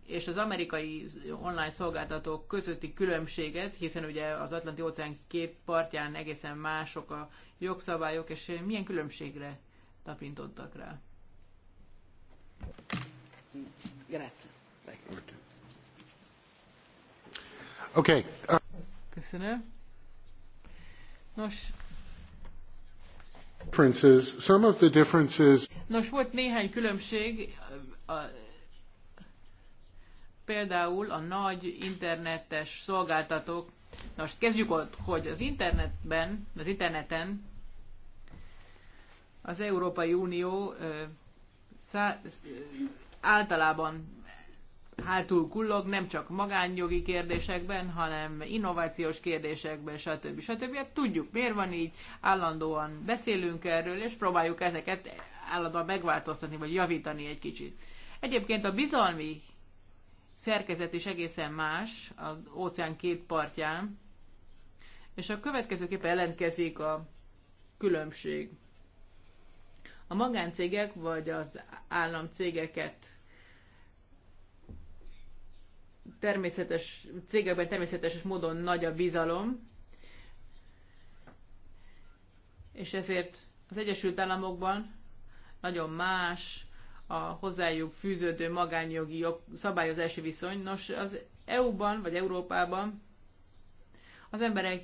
és az amerikai online szolgáltatók közötti különbséget, hiszen ugye az Atlanti óceán két partján egészen mások a jogszabályok, és milyen különbségre tapintottak rá? Grazie. Oké. Okay. Köszönöm. Nos, Nos, volt néhány különbség, a, a, például a nagy internetes szolgáltatók. Most kezdjük ott, hogy az internetben, az interneten az Európai Unió ö, szá, ö, általában hátul kullog, nem csak magánjogi kérdésekben, hanem innovációs kérdésekben, stb. stb. Hát tudjuk, miért van így, állandóan beszélünk erről, és próbáljuk ezeket állandóan megváltoztatni, vagy javítani egy kicsit. Egyébként a bizalmi szerkezet is egészen más az óceán két partján, és a következőképpen jelentkezik a különbség. A magáncégek vagy az államcégeket természetes cégekben természetes módon nagy a bizalom, és ezért az Egyesült Államokban nagyon más a hozzájuk fűződő magánjogi jog, szabályozási viszony. Nos, az EU-ban vagy Európában az emberek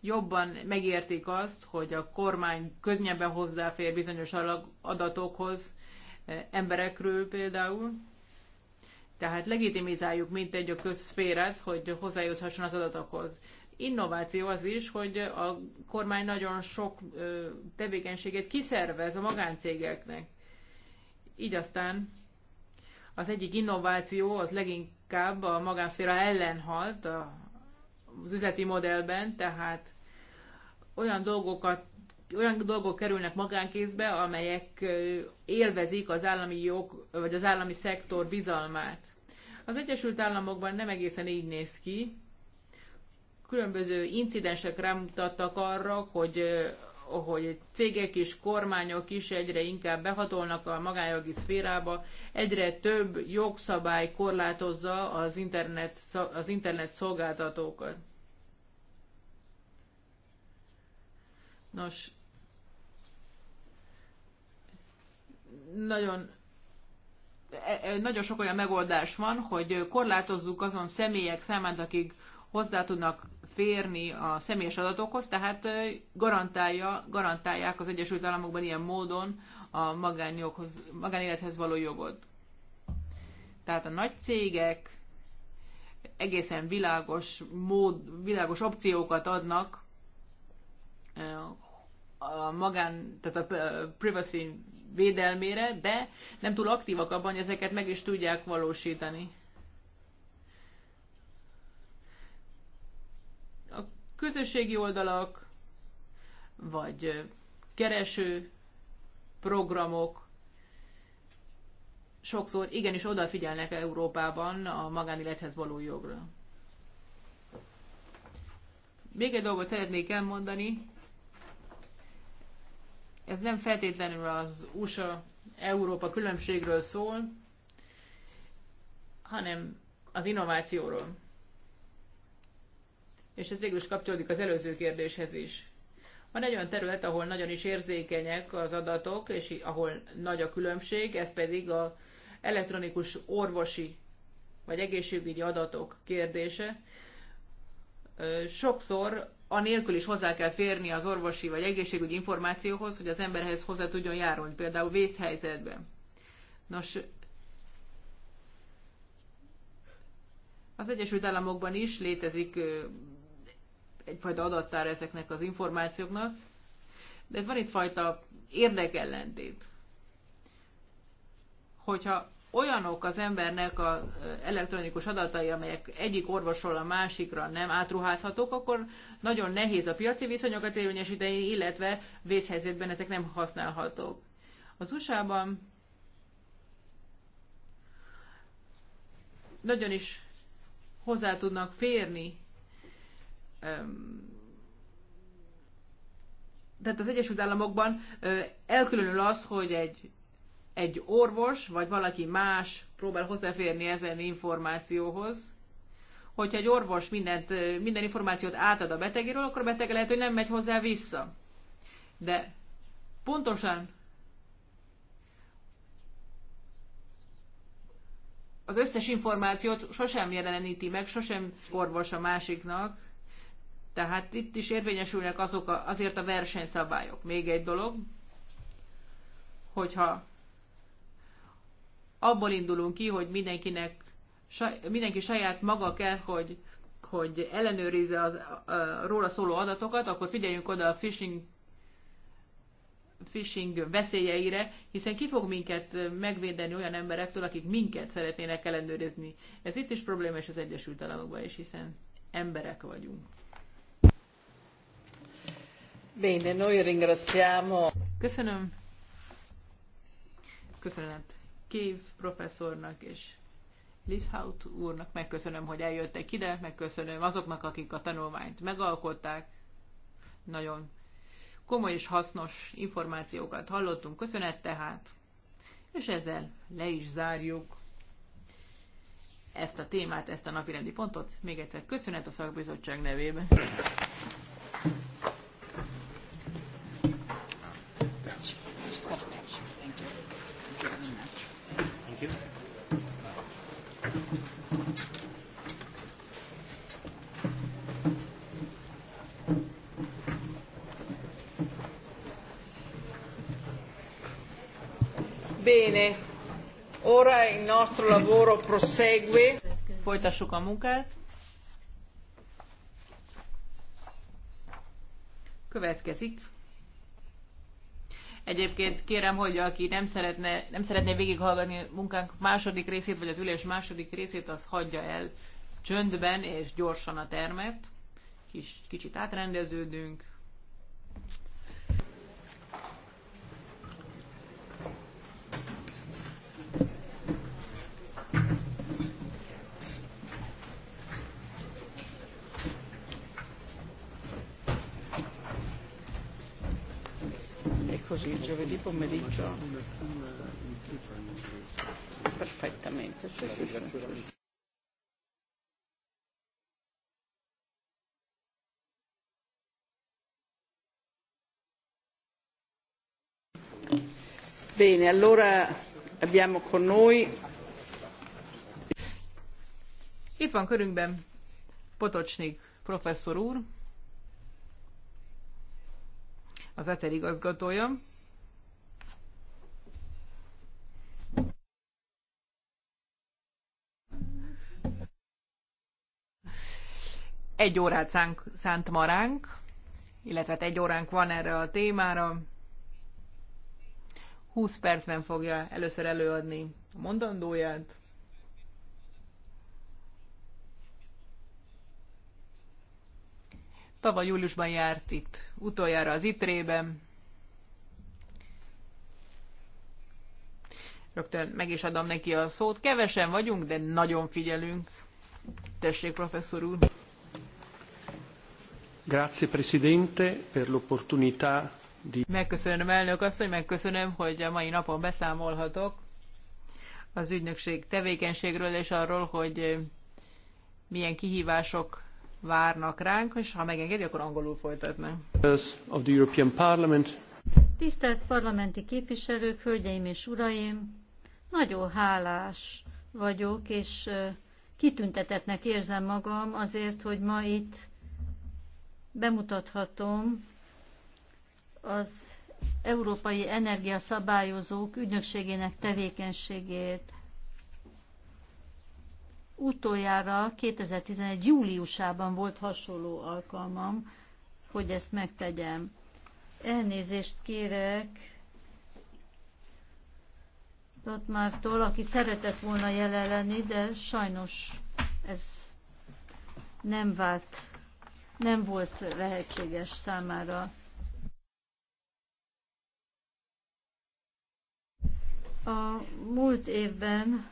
jobban megértik azt, hogy a kormány könnyebben hozzáfér bizonyos adatokhoz, eh, emberekről például, tehát legitimizáljuk mintegy a közszférát, hogy hozzájuthasson az adatokhoz. Innováció az is, hogy a kormány nagyon sok tevékenységet kiszervez a magáncégeknek. Így aztán az egyik innováció az leginkább a magánszféra ellen halt az üzleti modellben, tehát olyan dolgokat olyan dolgok kerülnek magánkézbe, amelyek élvezik az állami jog, vagy az állami szektor bizalmát. Az Egyesült Államokban nem egészen így néz ki. Különböző incidensek rámutattak arra, hogy hogy cégek is, kormányok is egyre inkább behatolnak a magánjogi szférába, egyre több jogszabály korlátozza az internet, az internet szolgáltatókat. Nos, nagyon E, e, nagyon sok olyan megoldás van, hogy korlátozzuk azon személyek számát, akik hozzá tudnak férni a személyes adatokhoz, tehát garantálja, garantálják az Egyesült Államokban ilyen módon a magánjoghoz, magánélethez való jogot. Tehát a nagy cégek egészen világos, mód, világos opciókat adnak a magán, tehát a privacy védelmére, de nem túl aktívak abban, hogy ezeket meg is tudják valósítani. A közösségi oldalak, vagy kereső programok sokszor igenis odafigyelnek Európában a magánélethez való jogra. Még egy dolgot szeretnék elmondani. Ez nem feltétlenül az USA-Európa különbségről szól, hanem az innovációról. És ez végül is kapcsolódik az előző kérdéshez is. Van egy olyan terület, ahol nagyon is érzékenyek az adatok, és ahol nagy a különbség, ez pedig a elektronikus orvosi vagy egészségügyi adatok kérdése. Sokszor anélkül is hozzá kell férni az orvosi vagy egészségügyi információhoz, hogy az emberhez hozzá tudjon járulni, például vészhelyzetben. Nos, az Egyesült Államokban is létezik egyfajta adattár ezeknek az információknak, de van itt fajta érdekellentét. Hogyha olyanok az embernek a elektronikus adatai, amelyek egyik orvosról a másikra nem átruházhatók, akkor nagyon nehéz a piaci viszonyokat érvényesíteni, illetve vészhelyzetben ezek nem használhatók. Az USA-ban nagyon is hozzá tudnak férni tehát az Egyesült Államokban elkülönül az, hogy egy egy orvos vagy valaki más próbál hozzáférni ezen információhoz, hogyha egy orvos mindent, minden információt átad a betegéről, akkor a beteg lehet, hogy nem megy hozzá vissza. De pontosan az összes információt sosem jeleníti meg, sosem orvos a másiknak, tehát itt is érvényesülnek azok a, azért a versenyszabályok. Még egy dolog, hogyha abból indulunk ki, hogy mindenkinek, mindenki saját maga kell, hogy, hogy ellenőrizze az, a, a, róla szóló adatokat, akkor figyeljünk oda a phishing phishing veszélyeire, hiszen ki fog minket megvédeni olyan emberektől, akik minket szeretnének ellenőrizni. Ez itt is probléma, és az Egyesült Államokban is, hiszen emberek vagyunk. Bene, noi ringraziamo. Köszönöm. Köszönet Kév professzornak és Lishout úrnak megköszönöm, hogy eljöttek ide, megköszönöm azoknak, akik a tanulmányt megalkották. Nagyon komoly és hasznos információkat hallottunk, köszönet tehát, és ezzel le is zárjuk ezt a témát, ezt a napirendi pontot. Még egyszer köszönet a szakbizottság nevében. nostro lavoro prosegue. Folytassuk a munkát. Következik. Egyébként kérem, hogy aki nem szeretne, nem szeretné végighallgatni a munkánk második részét, vagy az ülés második részét, az hagyja el csöndben és gyorsan a termet. Kis, kicsit átrendeződünk. così il giovedì pomeriggio. Perfettamente. Sì, sì, sì. Bene, allora abbiamo con noi. Itt van körünkben Potocsnik professzor úr, az ETER igazgatója. Egy órát szánk, szánt ma ránk, illetve hát egy óránk van erre a témára. 20 percben fogja először előadni a mondandóját, Tavaly júliusban járt itt, utoljára az itrében. Rögtön meg is adom neki a szót. Kevesen vagyunk, de nagyon figyelünk. Tessék, professzor úr! Grazie, Presidente, per l'opportunità di... Megköszönöm, elnök asszony, megköszönöm, hogy a mai napon beszámolhatok az ügynökség tevékenységről és arról, hogy milyen kihívások várnak ránk, és ha megengedi, akkor angolul folytatnám. Tisztelt parlamenti képviselők, hölgyeim és uraim! Nagyon hálás vagyok, és kitüntetetnek érzem magam azért, hogy ma itt bemutathatom az Európai Energiaszabályozók Ügynökségének tevékenységét. Utoljára 2011. júliusában volt hasonló alkalmam, hogy ezt megtegyem. Elnézést kérek Rotmártól, aki szeretett volna jelen lenni, de sajnos ez nem vált, nem volt lehetséges számára. A múlt évben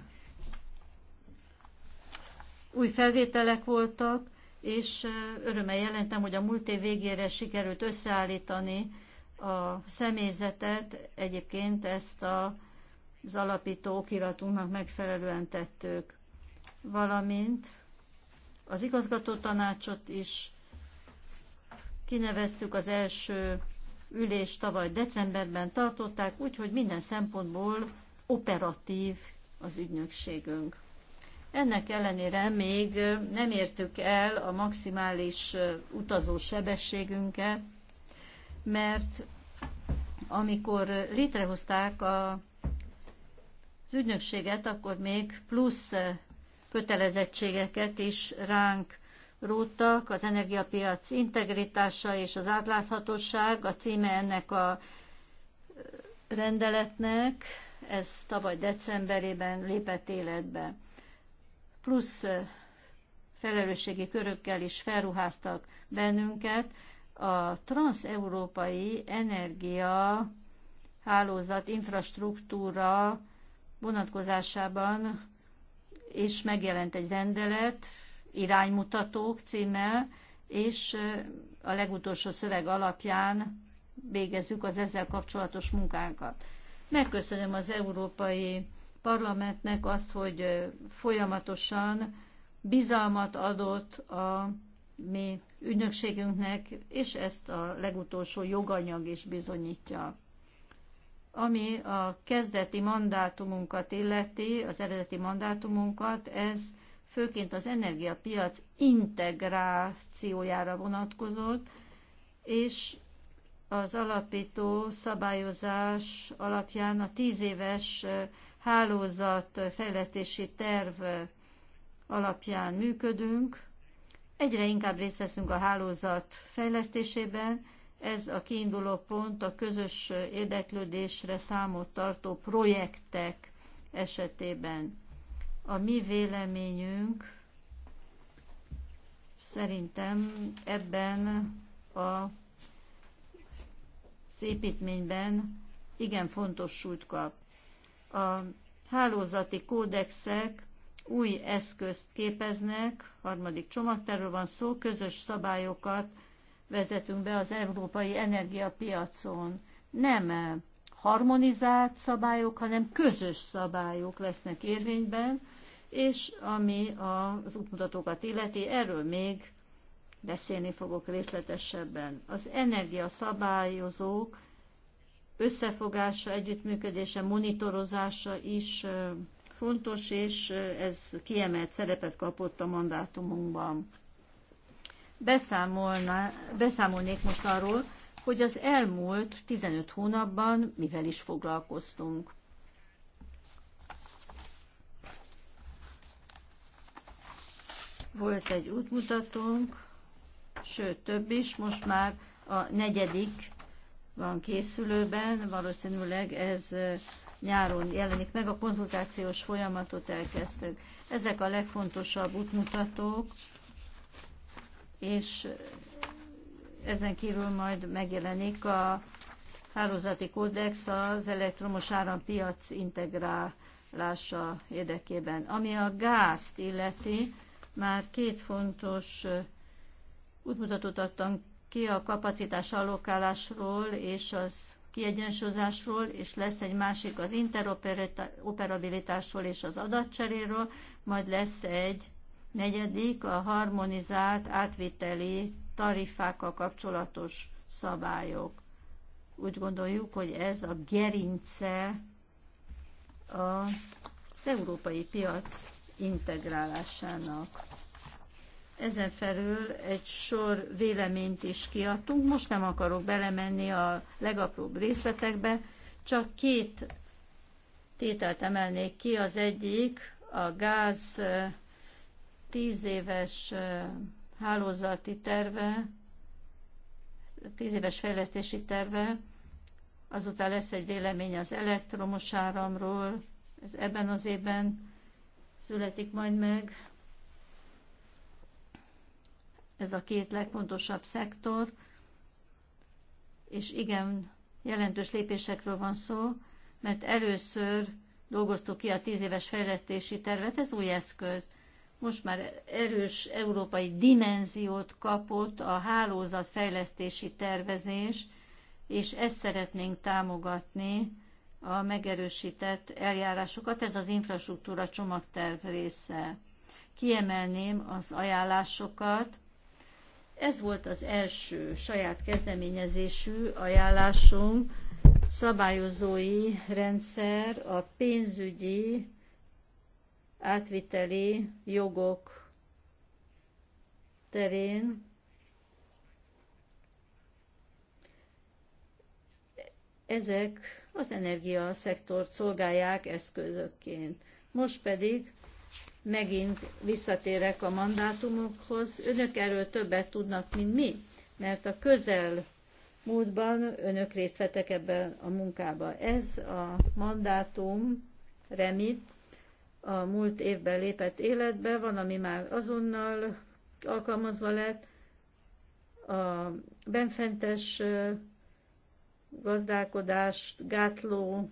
új felvételek voltak, és örömmel jelentem, hogy a múlt év végére sikerült összeállítani a személyzetet, egyébként ezt a, az alapító okiratunknak megfelelően tettük, valamint az igazgató tanácsot is kineveztük az első ülés tavaly decemberben tartották, úgyhogy minden szempontból operatív az ügynökségünk. Ennek ellenére még nem értük el a maximális utazó sebességünket, mert amikor létrehozták a, az ügynökséget, akkor még plusz kötelezettségeket is ránk róttak, az energiapiac integritása és az átláthatóság, a címe ennek a rendeletnek, ez tavaly decemberében lépett életbe plusz felelősségi körökkel is felruháztak bennünket. A transeurópai energia hálózat, infrastruktúra vonatkozásában és megjelent egy rendelet, iránymutatók címmel, és a legutolsó szöveg alapján végezzük az ezzel kapcsolatos munkánkat. Megköszönöm az Európai parlamentnek azt, hogy folyamatosan bizalmat adott a mi ügynökségünknek, és ezt a legutolsó joganyag is bizonyítja. Ami a kezdeti mandátumunkat illeti, az eredeti mandátumunkat, ez főként az energiapiac integrációjára vonatkozott, és az alapító szabályozás alapján a tíz éves hálózat fejlesztési terv alapján működünk. Egyre inkább részt veszünk a hálózat fejlesztésében. Ez a kiinduló pont a közös érdeklődésre számot tartó projektek esetében. A mi véleményünk szerintem ebben a szépítményben igen fontos súlyt kap. A hálózati kódexek új eszközt képeznek, harmadik csomagterről van szó, közös szabályokat vezetünk be az európai energiapiacon. Nem harmonizált szabályok, hanem közös szabályok lesznek érvényben, és ami az útmutatókat illeti, erről még beszélni fogok részletesebben. Az energiaszabályozók összefogása, együttműködése, monitorozása is fontos, és ez kiemelt szerepet kapott a mandátumunkban. Beszámolná, beszámolnék most arról, hogy az elmúlt 15 hónapban mivel is foglalkoztunk. Volt egy útmutatónk, sőt több is, most már a negyedik van készülőben, valószínűleg ez nyáron jelenik meg, a konzultációs folyamatot elkezdtük. Ezek a legfontosabb útmutatók, és ezen kívül majd megjelenik a hálózati kódex az elektromos árampiac integrálása érdekében. Ami a gázt illeti, már két fontos útmutatót adtam ki a kapacitás allokálásról és az kiegyensúlyozásról, és lesz egy másik az interoperabilitásról és az adatcseréről, majd lesz egy negyedik a harmonizált átviteli tarifákkal kapcsolatos szabályok. Úgy gondoljuk, hogy ez a gerince az európai piac integrálásának. Ezen felül egy sor véleményt is kiadtunk. Most nem akarok belemenni a legapróbb részletekbe, csak két tételt emelnék ki. Az egyik a gáz tíz éves hálózati terve, tíz éves fejlesztési terve, azután lesz egy vélemény az elektromos áramról, ez ebben az évben születik majd meg, ez a két legfontosabb szektor, és igen, jelentős lépésekről van szó, mert először dolgoztuk ki a tíz éves fejlesztési tervet, ez új eszköz. Most már erős európai dimenziót kapott a hálózatfejlesztési tervezés, és ezt szeretnénk támogatni, a megerősített eljárásokat. Ez az infrastruktúra csomagterv része. Kiemelném az ajánlásokat, ez volt az első saját kezdeményezésű ajánlásunk, szabályozói rendszer a pénzügyi átviteli jogok terén. Ezek az energiaszektort szolgálják eszközökként. Most pedig megint visszatérek a mandátumokhoz. Önök erről többet tudnak, mint mi, mert a közel múltban önök részt vettek ebben a munkában. Ez a mandátum, remit, a múlt évben lépett életbe, van, ami már azonnal alkalmazva lett, a benfentes gazdálkodást gátló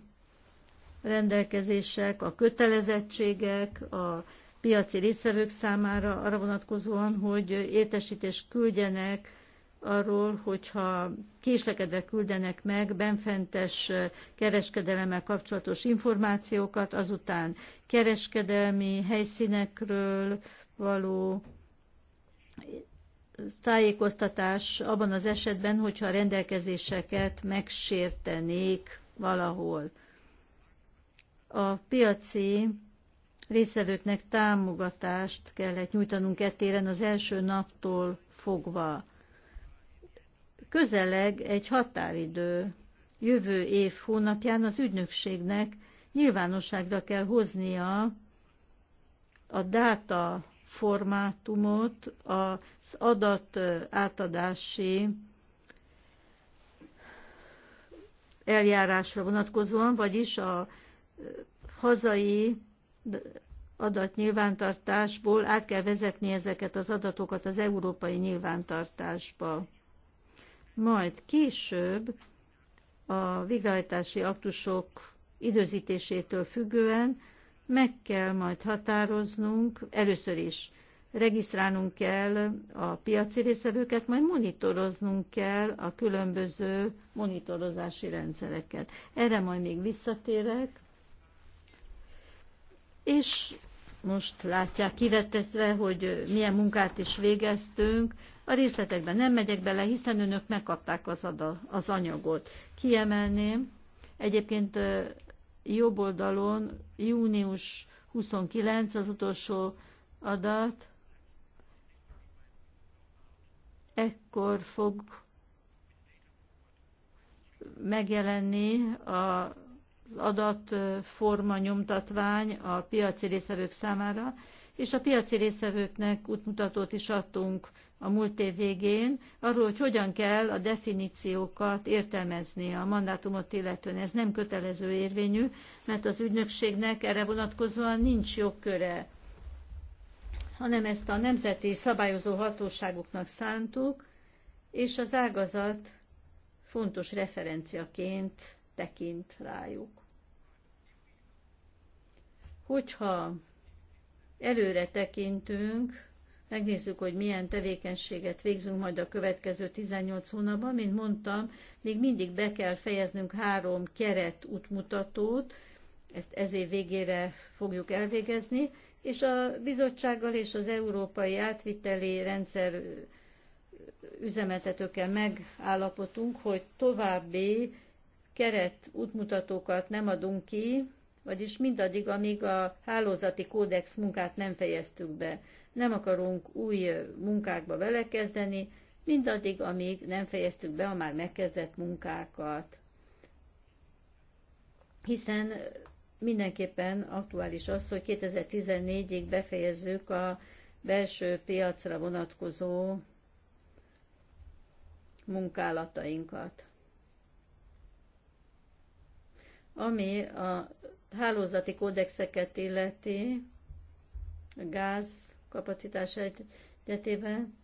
rendelkezések, a kötelezettségek, a piaci résztvevők számára arra vonatkozóan, hogy értesítést küldjenek arról, hogyha késlekedve küldenek meg benfentes eh, kereskedelemmel kapcsolatos információkat, azután kereskedelmi helyszínekről való tájékoztatás abban az esetben, hogyha a rendelkezéseket megsértenék valahol. A piaci részvevőknek támogatást kellett nyújtanunk ettéren az első naptól fogva. Közeleg egy határidő. Jövő év hónapján az ügynökségnek nyilvánosságra kell hoznia a dáta formátumot az adat átadási eljárásra vonatkozóan, vagyis a hazai adatnyilvántartásból át kell vezetni ezeket az adatokat az európai nyilvántartásba. Majd később a végrehajtási aktusok időzítésétől függően meg kell majd határoznunk, először is regisztrálnunk kell a piaci részevőket, majd monitoroznunk kell a különböző monitorozási rendszereket. Erre majd még visszatérek, és most látják kivetetve, hogy milyen munkát is végeztünk. A részletekben nem megyek bele, hiszen önök megkapták az, ada, az anyagot. Kiemelném, egyébként jobb oldalon június 29 az utolsó adat, ekkor fog megjelenni a adatforma nyomtatvány a piaci részvevők számára, és a piaci részvevőknek útmutatót is adtunk a múlt év végén, arról, hogy hogyan kell a definíciókat értelmezni a mandátumot illetően. Ez nem kötelező érvényű, mert az ügynökségnek erre vonatkozóan nincs jogköre, hanem ezt a nemzeti szabályozó hatóságoknak szántuk, és az ágazat fontos referenciaként tekint rájuk. Hogyha előre tekintünk, megnézzük, hogy milyen tevékenységet végzünk majd a következő 18 hónapban. Mint mondtam, még mindig be kell fejeznünk három keret útmutatót, ezt ez év végére fogjuk elvégezni, és a bizottsággal és az európai átviteli rendszer üzemeltetőkkel megállapotunk, hogy további keret útmutatókat nem adunk ki, vagyis mindaddig, amíg a hálózati kódex munkát nem fejeztük be. Nem akarunk új munkákba belekezdeni, mindaddig, amíg nem fejeztük be a már megkezdett munkákat. Hiszen mindenképpen aktuális az, hogy 2014-ig befejezzük a belső piacra vonatkozó munkálatainkat. Ami a hálózati kódexeket illeti, a gáz kapacitás egyetében,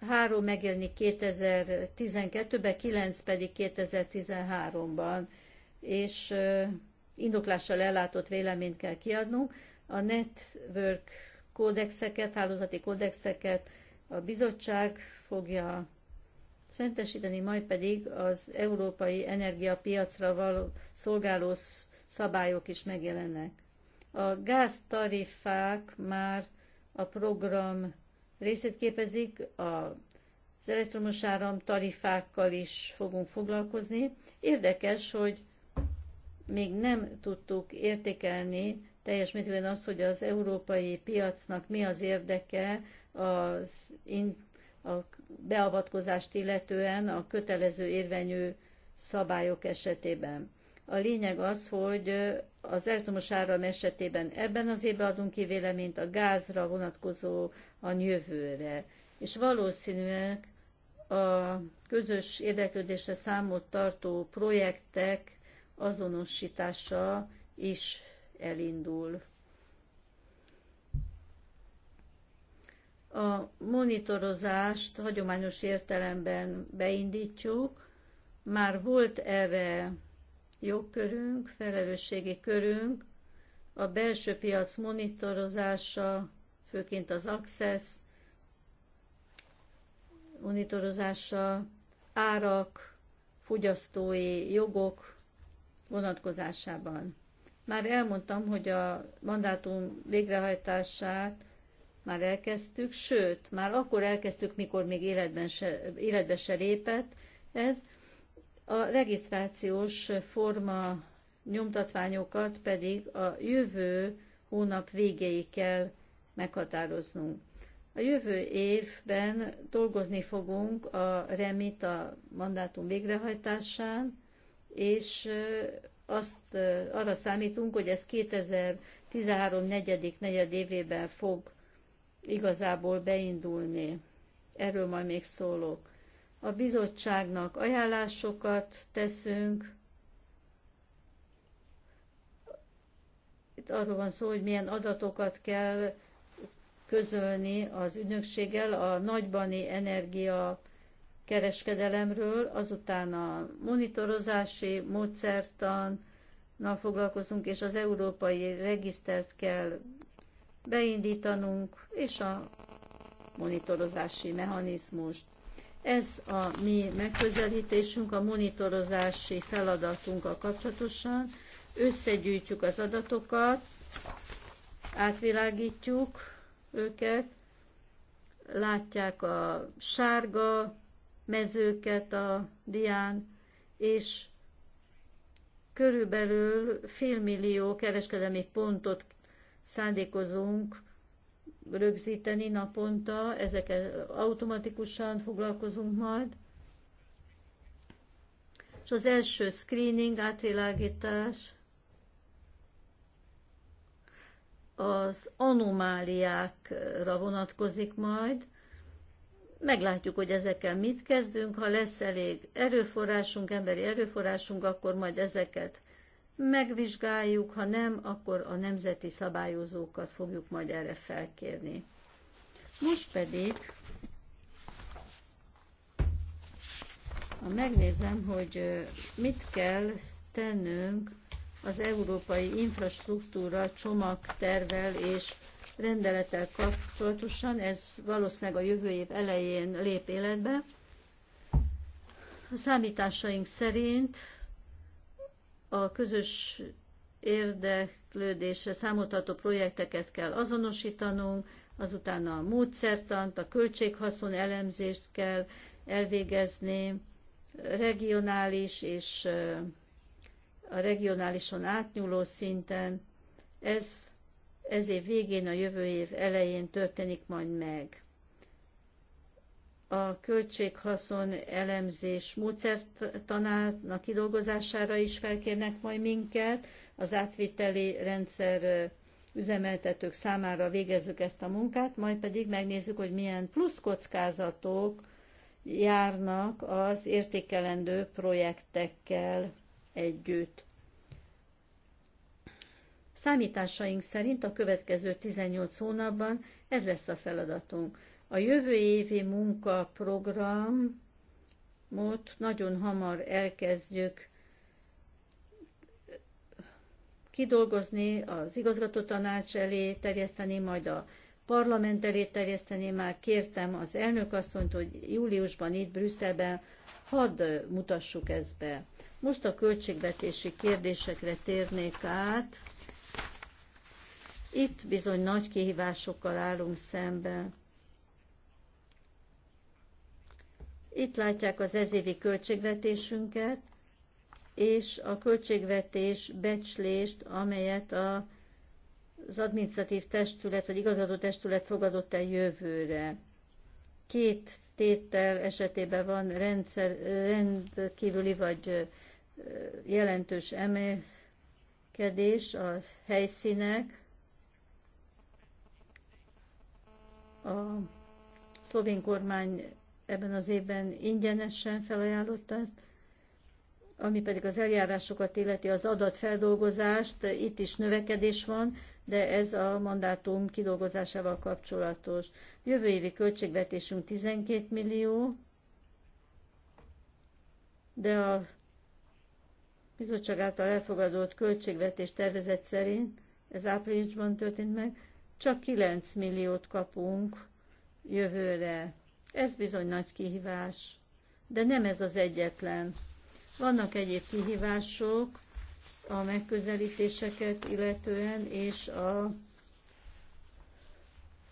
három megjelenik 2012-ben, kilenc pedig 2013-ban, és indoklással ellátott véleményt kell kiadnunk. A network kódexeket, hálózati kódexeket a bizottság fogja szentesíteni, majd pedig az európai energiapiacra való szolgáló szabályok is megjelennek. A gáztarifák már a program részét képezik, a az elektromos áram tarifákkal is fogunk foglalkozni. Érdekes, hogy még nem tudtuk értékelni teljes mértékben azt, hogy az európai piacnak mi az érdeke az a beavatkozást illetően a kötelező érvényű szabályok esetében. A lényeg az, hogy az elektromos áram esetében ebben az évben adunk ki véleményt, a gázra vonatkozó a jövőre. És valószínűleg a közös érdeklődésre számot tartó projektek azonosítása is elindul. a monitorozást hagyományos értelemben beindítjuk. Már volt erre jogkörünk, felelősségi körünk, a belső piac monitorozása, főként az access monitorozása, árak, fogyasztói jogok vonatkozásában. Már elmondtam, hogy a mandátum végrehajtását már elkezdtük, sőt, már akkor elkezdtük, mikor még életben se, életbe se lépett ez. A regisztrációs forma nyomtatványokat pedig a jövő hónap végéig kell meghatároznunk. A jövő évben dolgozni fogunk a remit a mandátum végrehajtásán, és azt arra számítunk, hogy ez 2013 negyedik negyed évében fog igazából beindulni. Erről majd még szólok. A bizottságnak ajánlásokat teszünk, itt arról van szó, hogy milyen adatokat kell közölni az ügynökséggel a nagybani energia kereskedelemről, azután a monitorozási módszertannal foglalkozunk, és az európai regisztert kell beindítanunk, és a monitorozási mechanizmust. Ez a mi megközelítésünk, a monitorozási feladatunkkal kapcsolatosan. Összegyűjtjük az adatokat, átvilágítjuk őket, látják a sárga mezőket a dián, és körülbelül félmillió kereskedelmi pontot szándékozunk rögzíteni naponta, ezeket automatikusan foglalkozunk majd. És az első screening, átvilágítás, az anomáliákra vonatkozik majd. Meglátjuk, hogy ezekkel mit kezdünk. Ha lesz elég erőforrásunk, emberi erőforrásunk, akkor majd ezeket megvizsgáljuk, ha nem, akkor a nemzeti szabályozókat fogjuk majd erre felkérni. Most pedig, ha megnézem, hogy mit kell tennünk az Európai Infrastruktúra csomagtervel és rendelettel kapcsolatosan, ez valószínűleg a jövő év elején lép életbe. A számításaink szerint a közös érdeklődésre számoltató projekteket kell azonosítanunk, azután a módszertant, a költséghaszon elemzést kell elvégezni, regionális és a regionálison átnyúló szinten. Ez ez év végén, a jövő év elején történik majd meg a költséghaszon elemzés módszertanának kidolgozására is felkérnek majd minket, az átviteli rendszer üzemeltetők számára végezzük ezt a munkát, majd pedig megnézzük, hogy milyen plusz kockázatok járnak az értékelendő projektekkel együtt. Számításaink szerint a következő 18 hónapban ez lesz a feladatunk a jövő évi munkaprogramot nagyon hamar elkezdjük kidolgozni, az igazgató tanács elé terjeszteni, majd a parlament elé terjeszteni. Már kértem az elnök asszonyt, hogy júliusban itt Brüsszelben hadd mutassuk ezt be. Most a költségvetési kérdésekre térnék át. Itt bizony nagy kihívásokkal állunk szemben. Itt látják az ezévi költségvetésünket, és a költségvetés becslést, amelyet a, az administratív testület vagy igazadó testület fogadott el jövőre. Két tétel esetében van rendszer, rendkívüli vagy jelentős emelkedés a helyszínek, a szlovén kormány ebben az évben ingyenesen felajánlotta ezt, ami pedig az eljárásokat illeti az adatfeldolgozást, itt is növekedés van, de ez a mandátum kidolgozásával kapcsolatos. Jövő évi költségvetésünk 12 millió, de a bizottság által elfogadott költségvetés tervezet szerint, ez áprilisban történt meg, csak 9 milliót kapunk jövőre. Ez bizony nagy kihívás, de nem ez az egyetlen. Vannak egyéb kihívások a megközelítéseket illetően, és a,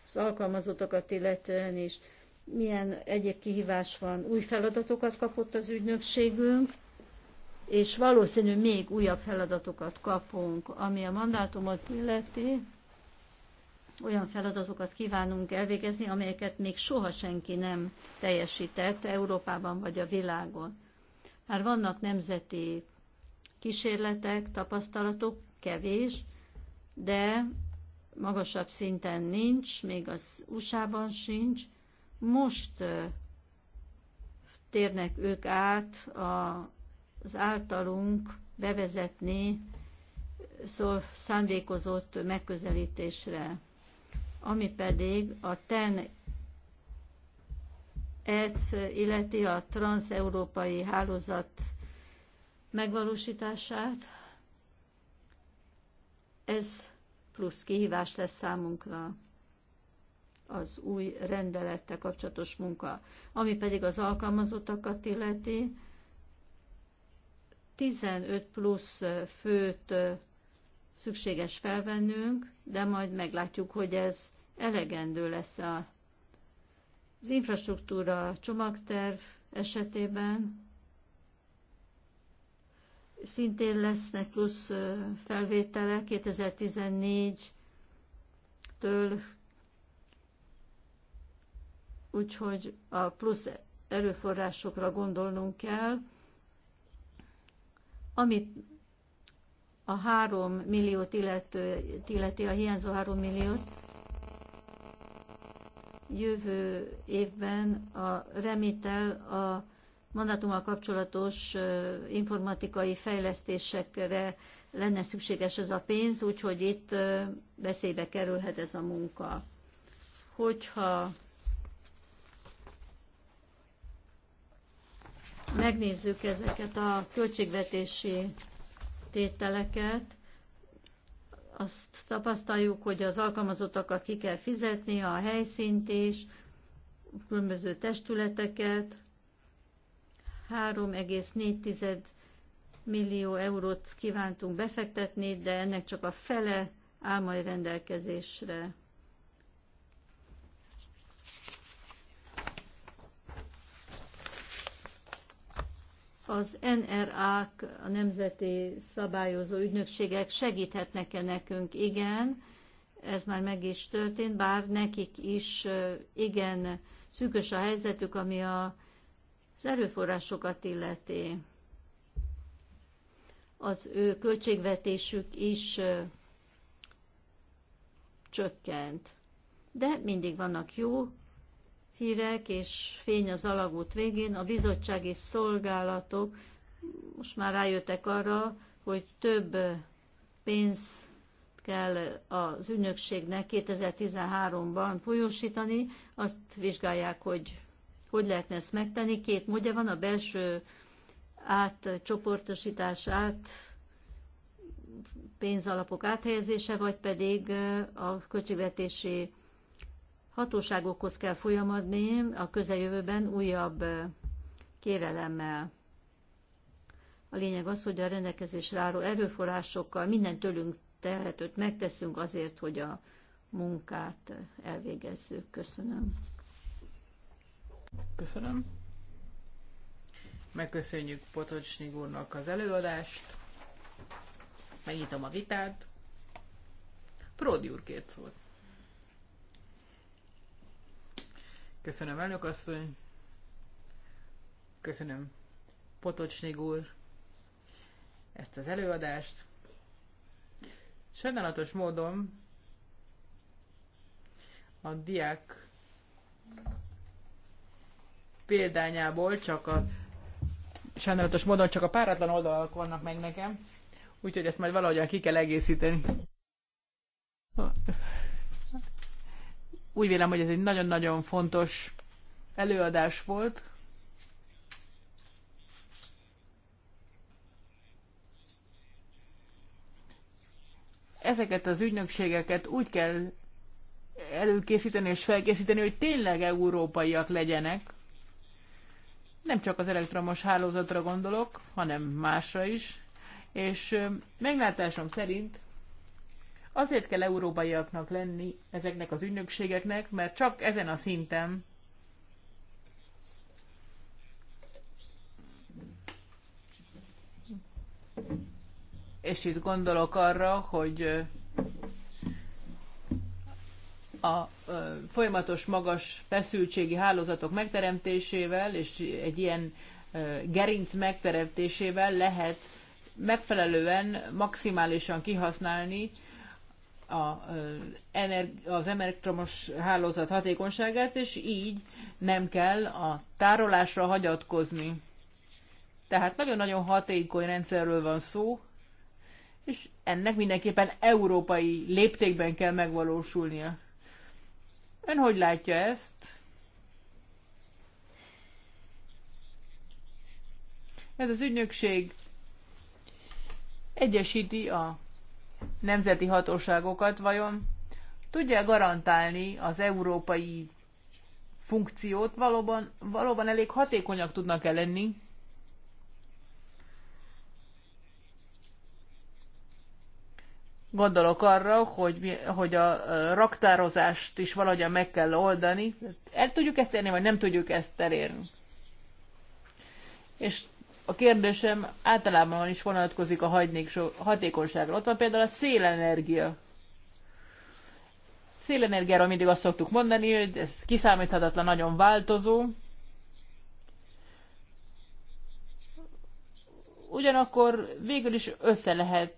az alkalmazottakat illetően is. Milyen egyéb kihívás van? Új feladatokat kapott az ügynökségünk, és valószínű még újabb feladatokat kapunk, ami a mandátumot illeti olyan feladatokat kívánunk elvégezni, amelyeket még soha senki nem teljesített Európában vagy a világon. Már vannak nemzeti kísérletek, tapasztalatok, kevés, de magasabb szinten nincs, még az USA-ban sincs. Most térnek ők át az általunk bevezetni szó, szándékozott megközelítésre ami pedig a TEN EC illeti a transeurópai hálózat megvalósítását. Ez plusz kihívás lesz számunkra az új rendelettel kapcsolatos munka. Ami pedig az alkalmazottakat illeti, 15 plusz főt szükséges felvennünk, de majd meglátjuk, hogy ez elegendő lesz a, az infrastruktúra csomagterv esetében. Szintén lesznek plusz felvételek 2014-től, úgyhogy a plusz erőforrásokra gondolnunk kell. Amit a három milliót illető, illeti a hiányzó három milliót, jövő évben a Remitel a mandátummal kapcsolatos informatikai fejlesztésekre lenne szükséges ez a pénz, úgyhogy itt veszélybe kerülhet ez a munka. Hogyha megnézzük ezeket a költségvetési tételeket, azt tapasztaljuk, hogy az alkalmazottakat ki kell fizetni, a helyszínt is, különböző testületeket, 3,4 millió eurót kívántunk befektetni, de ennek csak a fele áll majd rendelkezésre. az NRA-k, a Nemzeti Szabályozó Ügynökségek segíthetnek-e nekünk? Igen, ez már meg is történt, bár nekik is igen szűkös a helyzetük, ami a, az erőforrásokat illeti. Az ő költségvetésük is csökkent. De mindig vannak jó hírek és fény az alagút végén. A bizottsági szolgálatok most már rájöttek arra, hogy több pénz kell az ügynökségnek 2013-ban folyósítani. Azt vizsgálják, hogy hogy lehetne ezt megtenni. Két módja van, a belső átcsoportosítás, át pénzalapok áthelyezése, vagy pedig a költségvetési hatóságokhoz kell folyamodni a közeljövőben újabb kérelemmel. A lényeg az, hogy a rendelkezésre álló erőforrásokkal minden tőlünk telhetőt megteszünk azért, hogy a munkát elvégezzük. Köszönöm. Köszönöm. Megköszönjük Potocsnyig úrnak az előadást. Megnyitom a vitát. Pródi úr kért szólt. Köszönöm, elnök asszony. Köszönöm, Potocsnig úr, ezt az előadást. Sajnálatos módon a diák példányából csak a sajnálatos módon csak a páratlan oldalak vannak meg nekem, úgyhogy ezt majd valahogyan ki kell egészíteni. Úgy vélem, hogy ez egy nagyon-nagyon fontos előadás volt. Ezeket az ügynökségeket úgy kell előkészíteni és felkészíteni, hogy tényleg európaiak legyenek. Nem csak az elektromos hálózatra gondolok, hanem másra is. És meglátásom szerint Azért kell európaiaknak lenni ezeknek az ügynökségeknek, mert csak ezen a szinten és itt gondolok arra, hogy a folyamatos magas feszültségi hálózatok megteremtésével és egy ilyen gerinc megteremtésével lehet megfelelően maximálisan kihasználni a, az elektromos hálózat hatékonyságát, és így nem kell a tárolásra hagyatkozni. Tehát nagyon-nagyon hatékony rendszerről van szó, és ennek mindenképpen európai léptékben kell megvalósulnia. Ön hogy látja ezt? Ez az ügynökség egyesíti a nemzeti hatóságokat vajon tudja garantálni az európai funkciót, valóban, valóban elég hatékonyak tudnak-e lenni, Gondolok arra, hogy, hogy a raktározást is valahogyan meg kell oldani. El tudjuk ezt érni, vagy nem tudjuk ezt elérni. És a kérdésem általában is vonatkozik a hatékonyságra. Ott van például a szélenergia. Szélenergiáról mindig azt szoktuk mondani, hogy ez kiszámíthatatlan, nagyon változó. Ugyanakkor végül is össze lehet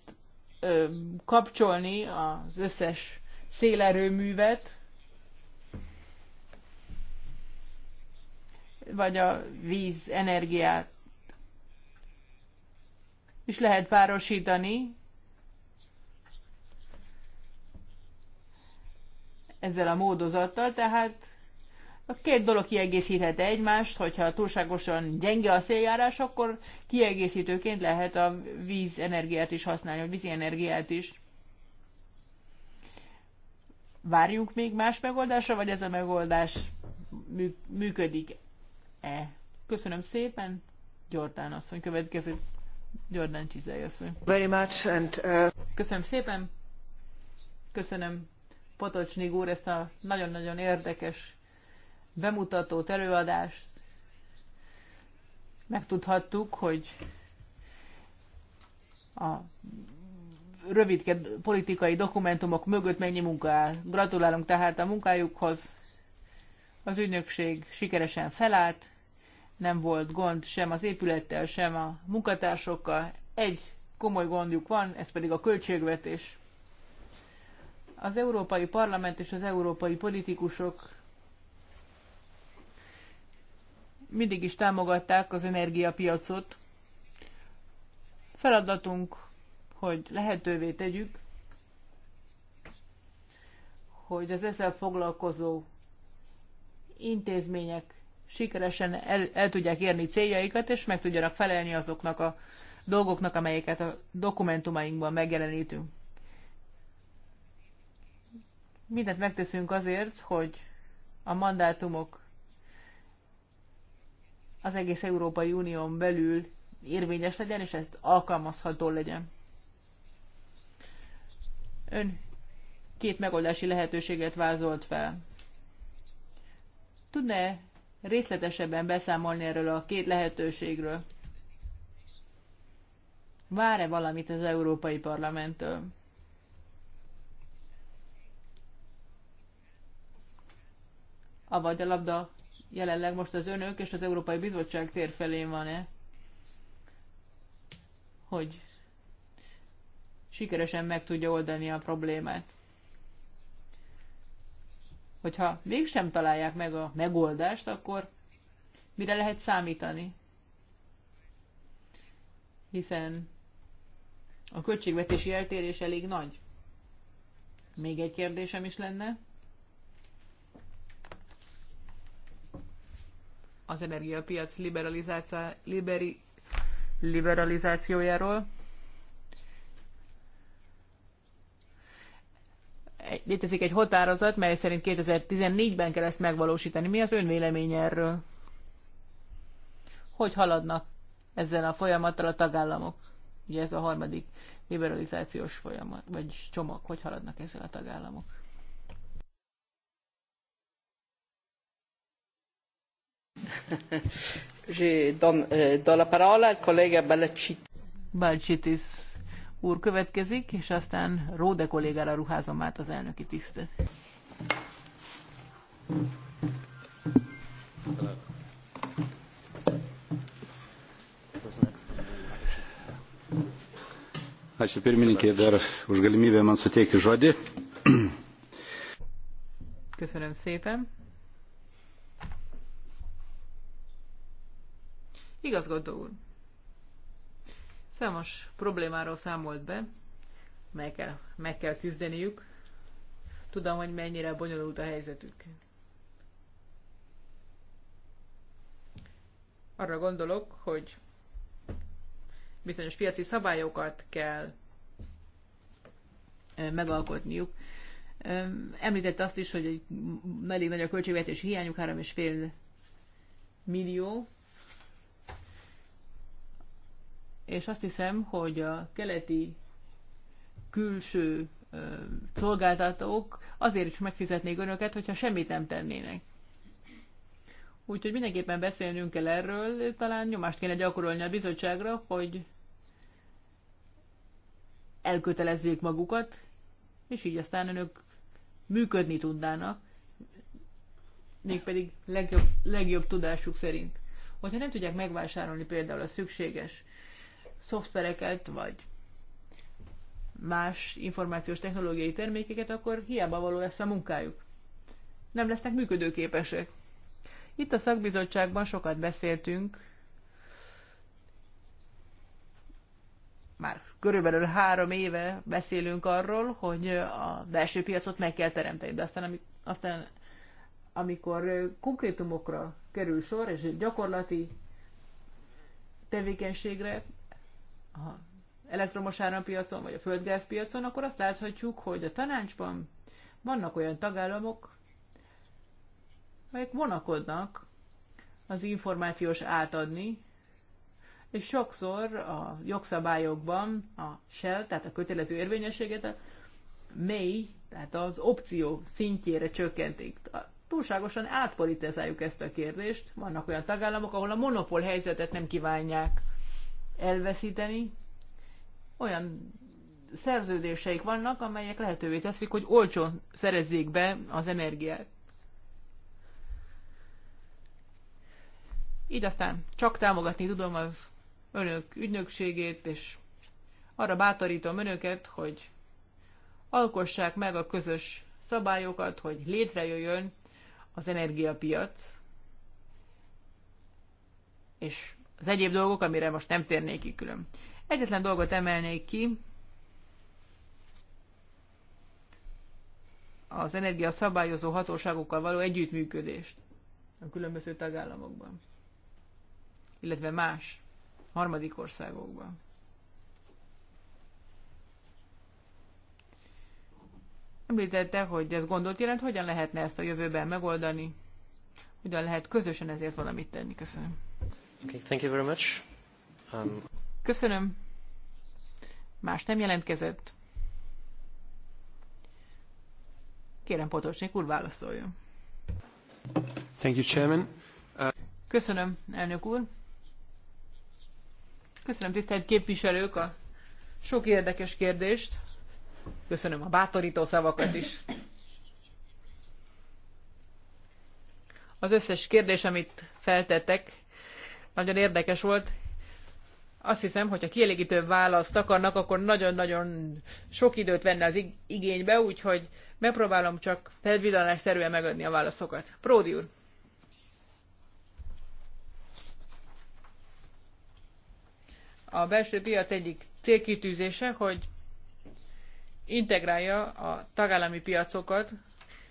ö, kapcsolni az összes szélerőművet, vagy a vízenergiát és lehet párosítani ezzel a módozattal, tehát a két dolog kiegészíthet egymást, hogyha túlságosan gyenge a széljárás, akkor kiegészítőként lehet a vízenergiát is használni, a vízi energiát is. Várjunk még más megoldásra, vagy ez a megoldás működik-e? Köszönöm szépen, Gyortán asszony következő. Jordan Very much and, uh... Köszönöm szépen. Köszönöm Potocsnig úr ezt a nagyon-nagyon érdekes bemutatót, előadást. Megtudhattuk, hogy a rövidke politikai dokumentumok mögött mennyi munka áll. Gratulálunk tehát a munkájukhoz. Az ügynökség sikeresen felállt, nem volt gond sem az épülettel, sem a munkatársokkal. Egy komoly gondjuk van, ez pedig a költségvetés. Az Európai Parlament és az európai politikusok mindig is támogatták az energiapiacot. Feladatunk, hogy lehetővé tegyük, hogy az ezzel foglalkozó intézmények sikeresen el, el tudják érni céljaikat, és meg tudjanak felelni azoknak a dolgoknak, amelyeket a dokumentumainkban megjelenítünk. Mindent megteszünk azért, hogy a mandátumok az egész Európai Unión belül érvényes legyen, és ez alkalmazható legyen. Ön két megoldási lehetőséget vázolt fel. Tudné? részletesebben beszámolni erről a két lehetőségről? Vár-e valamit az Európai Parlamenttől? Avagy a labda jelenleg most az önök és az Európai Bizottság tér felén van-e? Hogy sikeresen meg tudja oldani a problémát hogyha mégsem találják meg a megoldást, akkor mire lehet számítani? Hiszen a költségvetési eltérés elég nagy. Még egy kérdésem is lenne. Az energiapiac liberalizáci- liberi- liberalizációjáról. létezik egy határozat, mely szerint 2014-ben kell ezt megvalósítani. Mi az ön vélemény erről? Hogy haladnak ezzel a folyamattal a tagállamok? Ugye ez a harmadik liberalizációs folyamat, vagy csomag, hogy haladnak ezzel a tagállamok? Je donne, euh, la parola al collega Balcitis. Balcitis úr következik, és aztán Róde kollégára ruházom át az elnöki tisztet. Ačiū pirmininkė dar už galimybę man suteikti žodį. Köszönöm szépen. Igazgató úr. Számos problémáról számolt be, meg kell, meg kell küzdeniük. Tudom, hogy mennyire bonyolult a helyzetük. Arra gondolok, hogy bizonyos piaci szabályokat kell megalkotniuk. Említett azt is, hogy elég nagy a költségvetési hiányuk, 3,5 millió és azt hiszem, hogy a keleti külső szolgáltatók azért is megfizetnék önöket, hogyha semmit nem tennének. Úgyhogy mindenképpen beszélnünk kell erről, talán nyomást kéne gyakorolni a bizottságra, hogy elkötelezzék magukat, és így aztán önök működni tudnának, mégpedig legjobb, legjobb tudásuk szerint. Hogyha nem tudják megvásárolni például a szükséges szoftvereket, vagy más információs technológiai termékeket, akkor hiába való lesz a munkájuk. Nem lesznek működőképesek. Itt a szakbizottságban sokat beszéltünk, már körülbelül három éve beszélünk arról, hogy a belső piacot meg kell teremteni, de aztán, aztán amikor konkrétumokra kerül sor, és gyakorlati tevékenységre, a elektromos árampiacon, vagy a földgázpiacon, akkor azt láthatjuk, hogy a tanácsban vannak olyan tagállamok, amelyek vonakodnak az információs átadni, és sokszor a jogszabályokban a shell, tehát a kötelező érvényességet a mély, tehát az opció szintjére csökkentik. Túlságosan átpolitizáljuk ezt a kérdést. Vannak olyan tagállamok, ahol a monopól helyzetet nem kívánják elveszíteni. Olyan szerződéseik vannak, amelyek lehetővé teszik, hogy olcsón szerezzék be az energiát. Így aztán csak támogatni tudom az önök ügynökségét, és arra bátorítom önöket, hogy alkossák meg a közös szabályokat, hogy létrejöjjön az energiapiac, és az egyéb dolgok, amire most nem térnék ki külön. Egyetlen dolgot emelnék ki, az energia szabályozó hatóságokkal való együttműködést a különböző tagállamokban, illetve más harmadik országokban. Említette, hogy ez gondot jelent, hogyan lehetne ezt a jövőben megoldani, hogyan lehet közösen ezért valamit tenni. Köszönöm. Um, Köszönöm. Más nem jelentkezett. Kérem Potocsnik úr válaszoljon. Thank you, Chairman. Uh... Köszönöm, elnök úr. Köszönöm tisztelt képviselők a sok érdekes kérdést. Köszönöm a bátorító szavakat is. Az összes kérdés, amit feltettek, nagyon érdekes volt. Azt hiszem, hogyha kielégítő választ akarnak, akkor nagyon-nagyon sok időt venne az igénybe, úgyhogy megpróbálom csak felvillanásszerűen megadni a válaszokat. Pródi úr! A belső piac egyik célkitűzése, hogy integrálja a tagállami piacokat,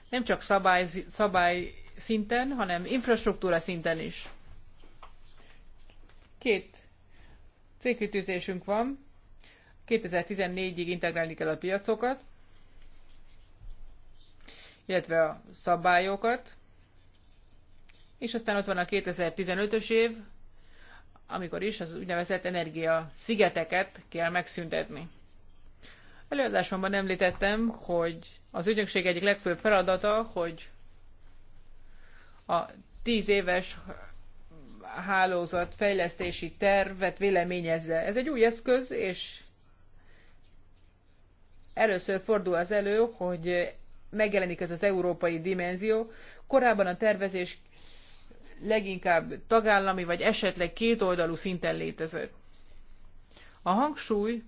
nem csak szabály, szabály szinten, hanem infrastruktúra szinten is. Két cégkütőzésünk van. 2014-ig integrálni kell a piacokat, illetve a szabályokat, és aztán ott van a 2015-ös év, amikor is az úgynevezett energia szigeteket kell megszüntetni. Előadásomban említettem, hogy az ügynökség egyik legfőbb feladata, hogy a 10 éves hálózat fejlesztési tervet véleményezze. Ez egy új eszköz, és először fordul az elő, hogy megjelenik ez az európai dimenzió. Korábban a tervezés leginkább tagállami vagy esetleg kétoldalú szinten létezett. A hangsúly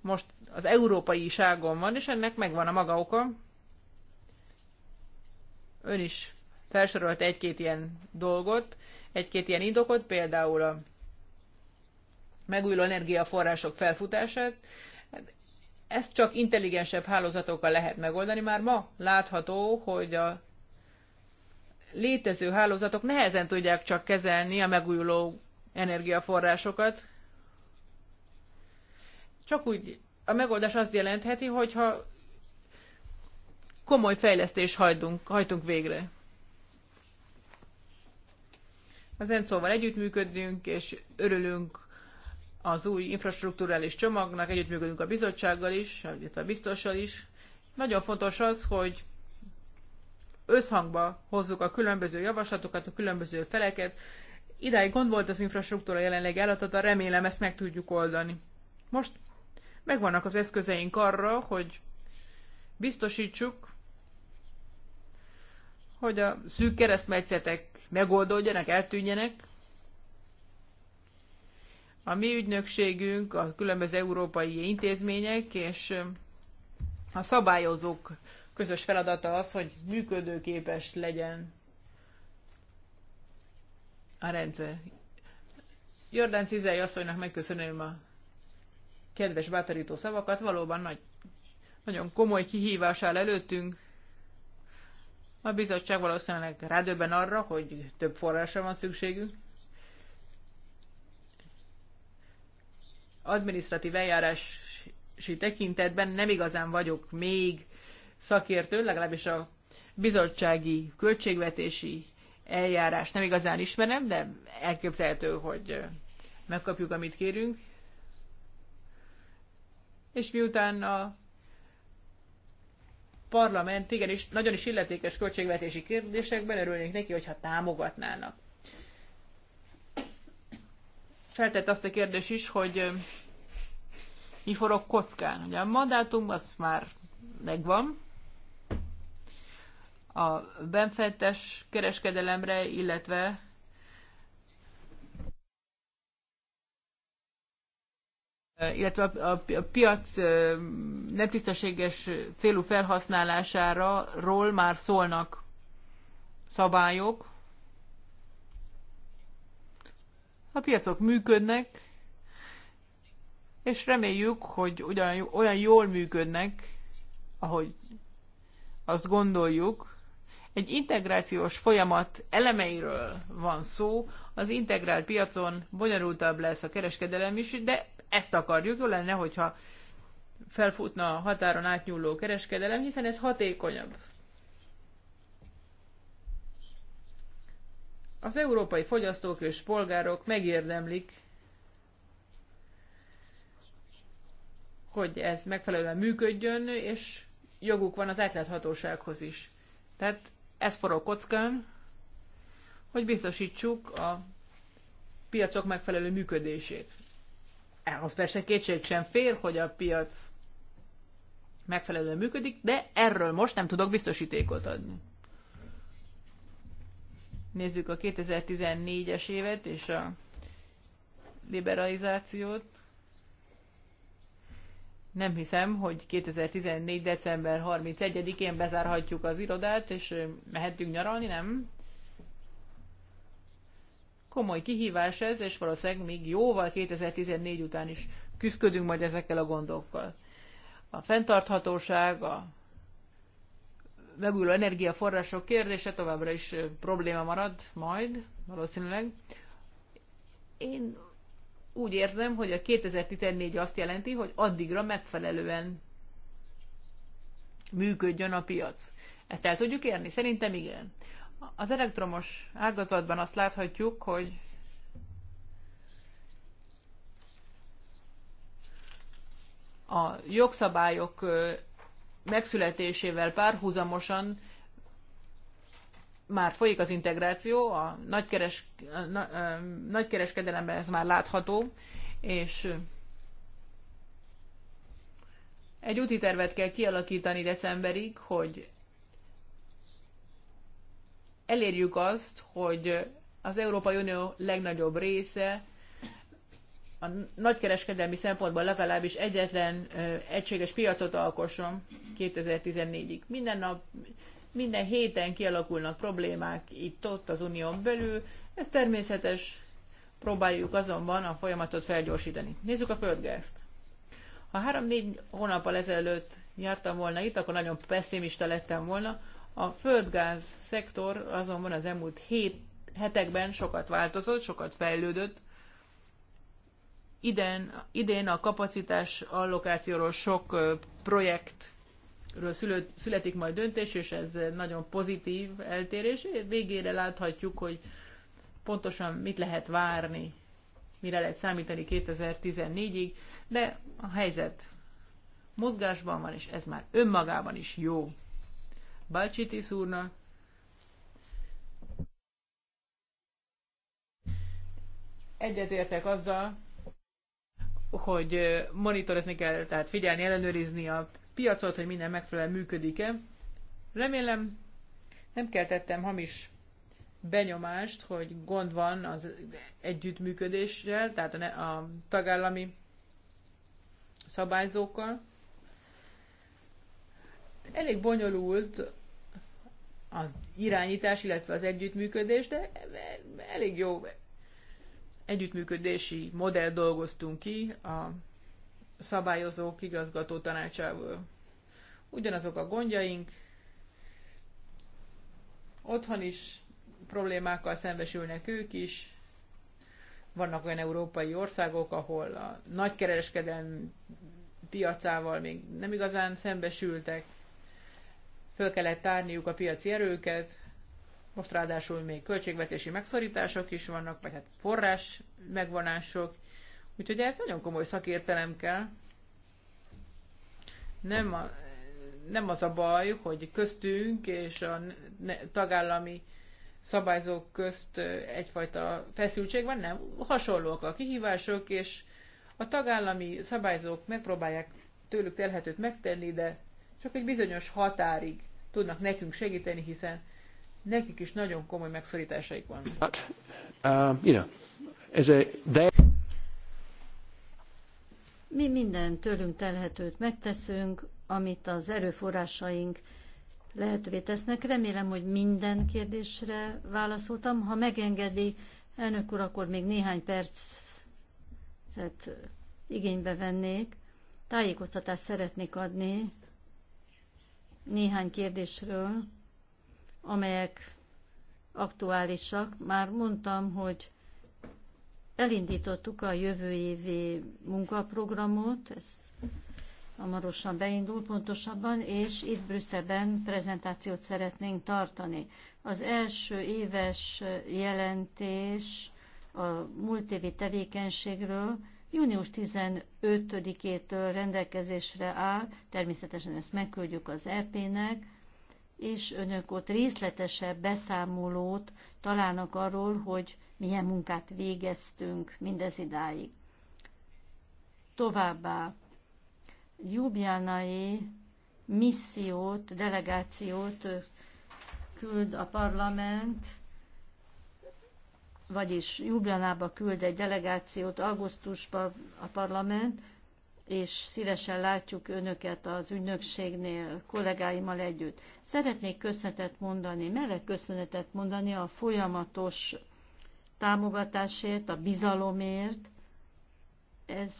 most az európai ságon van, és ennek megvan a maga oka. Ön is felsorolt egy-két ilyen dolgot egy-két ilyen indokot, például a megújuló energiaforrások felfutását. Hát ezt csak intelligensebb hálózatokkal lehet megoldani. Már ma látható, hogy a létező hálózatok nehezen tudják csak kezelni a megújuló energiaforrásokat. Csak úgy a megoldás azt jelentheti, hogyha komoly fejlesztés hajtunk, hajtunk végre. Az ENCO-val együttműködünk, és örülünk az új infrastruktúrális csomagnak, együttműködünk a bizottsággal is, a biztossal is. Nagyon fontos az, hogy összhangba hozzuk a különböző javaslatokat, a különböző feleket. Idáig gond volt az infrastruktúra jelenleg állatot, remélem ezt meg tudjuk oldani. Most megvannak az eszközeink arra, hogy biztosítsuk, hogy a szűk keresztmetszetek megoldódjanak, eltűnjenek. A mi ügynökségünk, a különböző európai intézmények és a szabályozók közös feladata az, hogy működőképes legyen a rendszer. Jordán Cizely asszonynak megköszönöm a kedves bátorító szavakat, valóban nagy, nagyon komoly kihívás áll előttünk. A bizottság valószínűleg rádöbben arra, hogy több forrásra van szükségünk. Adminisztratív eljárási tekintetben nem igazán vagyok még szakértő, legalábbis a bizottsági költségvetési eljárás nem igazán ismerem, de elképzelhető, hogy megkapjuk, amit kérünk. És miután a parlament igen is nagyon is illetékes költségvetési kérdésekben, örülnék neki, hogyha támogatnának. Feltett azt a kérdés is, hogy mi forog kockán. Ugye a mandátum az már megvan, a benfentes kereskedelemre, illetve illetve a, piac nem tisztességes célú felhasználására ról már szólnak szabályok. A piacok működnek, és reméljük, hogy ugyan, olyan jól működnek, ahogy azt gondoljuk. Egy integrációs folyamat elemeiről van szó, az integrált piacon bonyolultabb lesz a kereskedelem is, de ezt akarjuk. Jó lenne, hogyha felfutna a határon átnyúló kereskedelem, hiszen ez hatékonyabb. Az európai fogyasztók és polgárok megérdemlik, hogy ez megfelelően működjön, és joguk van az átláthatósághoz is. Tehát ez forró kockán, hogy biztosítsuk a piacok megfelelő működését az persze kétség sem fér, hogy a piac megfelelően működik, de erről most nem tudok biztosítékot adni. Nézzük a 2014-es évet és a liberalizációt. Nem hiszem, hogy 2014. december 31-én bezárhatjuk az irodát, és mehetünk nyaralni, nem? Komoly kihívás ez, és valószínűleg még jóval 2014 után is küzdködünk majd ezekkel a gondokkal. A fenntarthatóság, a megújuló energiaforrások kérdése továbbra is probléma marad majd, valószínűleg. Én úgy érzem, hogy a 2014 azt jelenti, hogy addigra megfelelően működjön a piac. Ezt el tudjuk érni? Szerintem igen. Az elektromos ágazatban azt láthatjuk, hogy a jogszabályok megszületésével párhuzamosan már folyik az integráció, a nagykeres, nagykereskedelemben ez már látható, és egy úti tervet kell kialakítani decemberig, hogy elérjük azt, hogy az Európai Unió legnagyobb része a nagykereskedelmi szempontból legalábbis egyetlen egységes piacot alkosson 2014-ig. Minden nap, minden héten kialakulnak problémák itt-ott az unión belül, ez természetes, próbáljuk azonban a folyamatot felgyorsítani. Nézzük a földgázt. Ha három-négy hónappal ezelőtt jártam volna itt, akkor nagyon pessimista lettem volna. A földgáz szektor azonban az elmúlt hét hetekben sokat változott, sokat fejlődött. Iden, idén a kapacitás allokációról sok projekt születik majd döntés, és ez nagyon pozitív eltérés. Végére láthatjuk, hogy pontosan mit lehet várni, mire lehet számítani 2014-ig, de a helyzet mozgásban van, és ez már önmagában is jó. Balcsitis úrnak, egyetértek azzal, hogy monitorozni kell, tehát figyelni, ellenőrizni a piacot, hogy minden megfelelően működik-e. Remélem, nem keltettem hamis benyomást, hogy gond van az együttműködéssel, tehát a, a tagállami szabályzókkal. Elég bonyolult az irányítás, illetve az együttműködés, de elég jó együttműködési modell dolgoztunk ki a szabályozók igazgató tanácsával. Ugyanazok a gondjaink, otthon is problémákkal szembesülnek ők is, vannak olyan európai országok, ahol a nagykereskedelmi piacával még nem igazán szembesültek, föl kellett tárniuk a piaci erőket, most ráadásul még költségvetési megszorítások is vannak, vagy hát forrás megvonások, úgyhogy ez nagyon komoly szakértelem kell. Nem, a, nem az a baj, hogy köztünk és a tagállami szabályzók közt egyfajta feszültség van, nem, hasonlóak a kihívások, és a tagállami szabályzók megpróbálják tőlük telhetőt megtenni, de csak egy bizonyos határig tudnak nekünk segíteni, hiszen nekik is nagyon komoly megszorításaik vannak. But, um, you know, as a, they... Mi minden tőlünk telhetőt megteszünk, amit az erőforrásaink lehetővé tesznek. Remélem, hogy minden kérdésre válaszoltam. Ha megengedi, elnök úr, akkor még néhány percet igénybe vennék. Tájékoztatást szeretnék adni néhány kérdésről, amelyek aktuálisak. Már mondtam, hogy elindítottuk a jövő évi munkaprogramot, ez hamarosan beindul pontosabban, és itt Brüsszelben prezentációt szeretnénk tartani. Az első éves jelentés a múlt évi tevékenységről június 15-től rendelkezésre áll, természetesen ezt megküldjük az EP-nek, és önök ott részletesebb beszámolót találnak arról, hogy milyen munkát végeztünk mindez idáig. Továbbá Jubjánai missziót, delegációt küld a parlament vagyis Ljubljanába küld egy delegációt augusztusban a parlament, és szívesen látjuk önöket az ügynökségnél kollégáimmal együtt. Szeretnék köszönetet mondani, meleg köszönetet mondani a folyamatos támogatásért, a bizalomért. Ez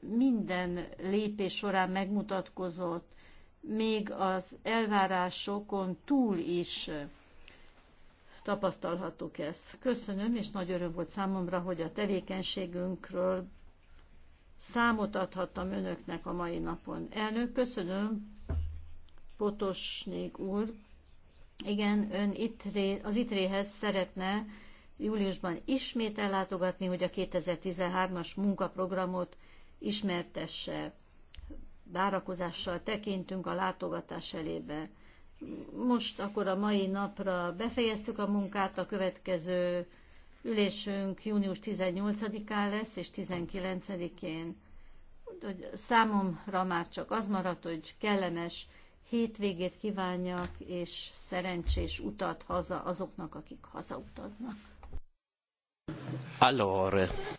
minden lépés során megmutatkozott, még az elvárásokon túl is tapasztalhattuk ezt. Köszönöm, és nagy öröm volt számomra, hogy a tevékenységünkről számot adhattam önöknek a mai napon. Elnök, köszönöm, Potosnék úr. Igen, ön itré, az itréhez szeretne júliusban ismét ellátogatni, hogy a 2013-as munkaprogramot ismertesse. Várakozással tekintünk a látogatás elébe. Most akkor a mai napra befejeztük a munkát, a következő ülésünk június 18-án lesz, és 19-én. Hogy számomra már csak az maradt, hogy kellemes hétvégét kívánjak, és szerencsés utat haza azoknak, akik hazautaznak. Allora.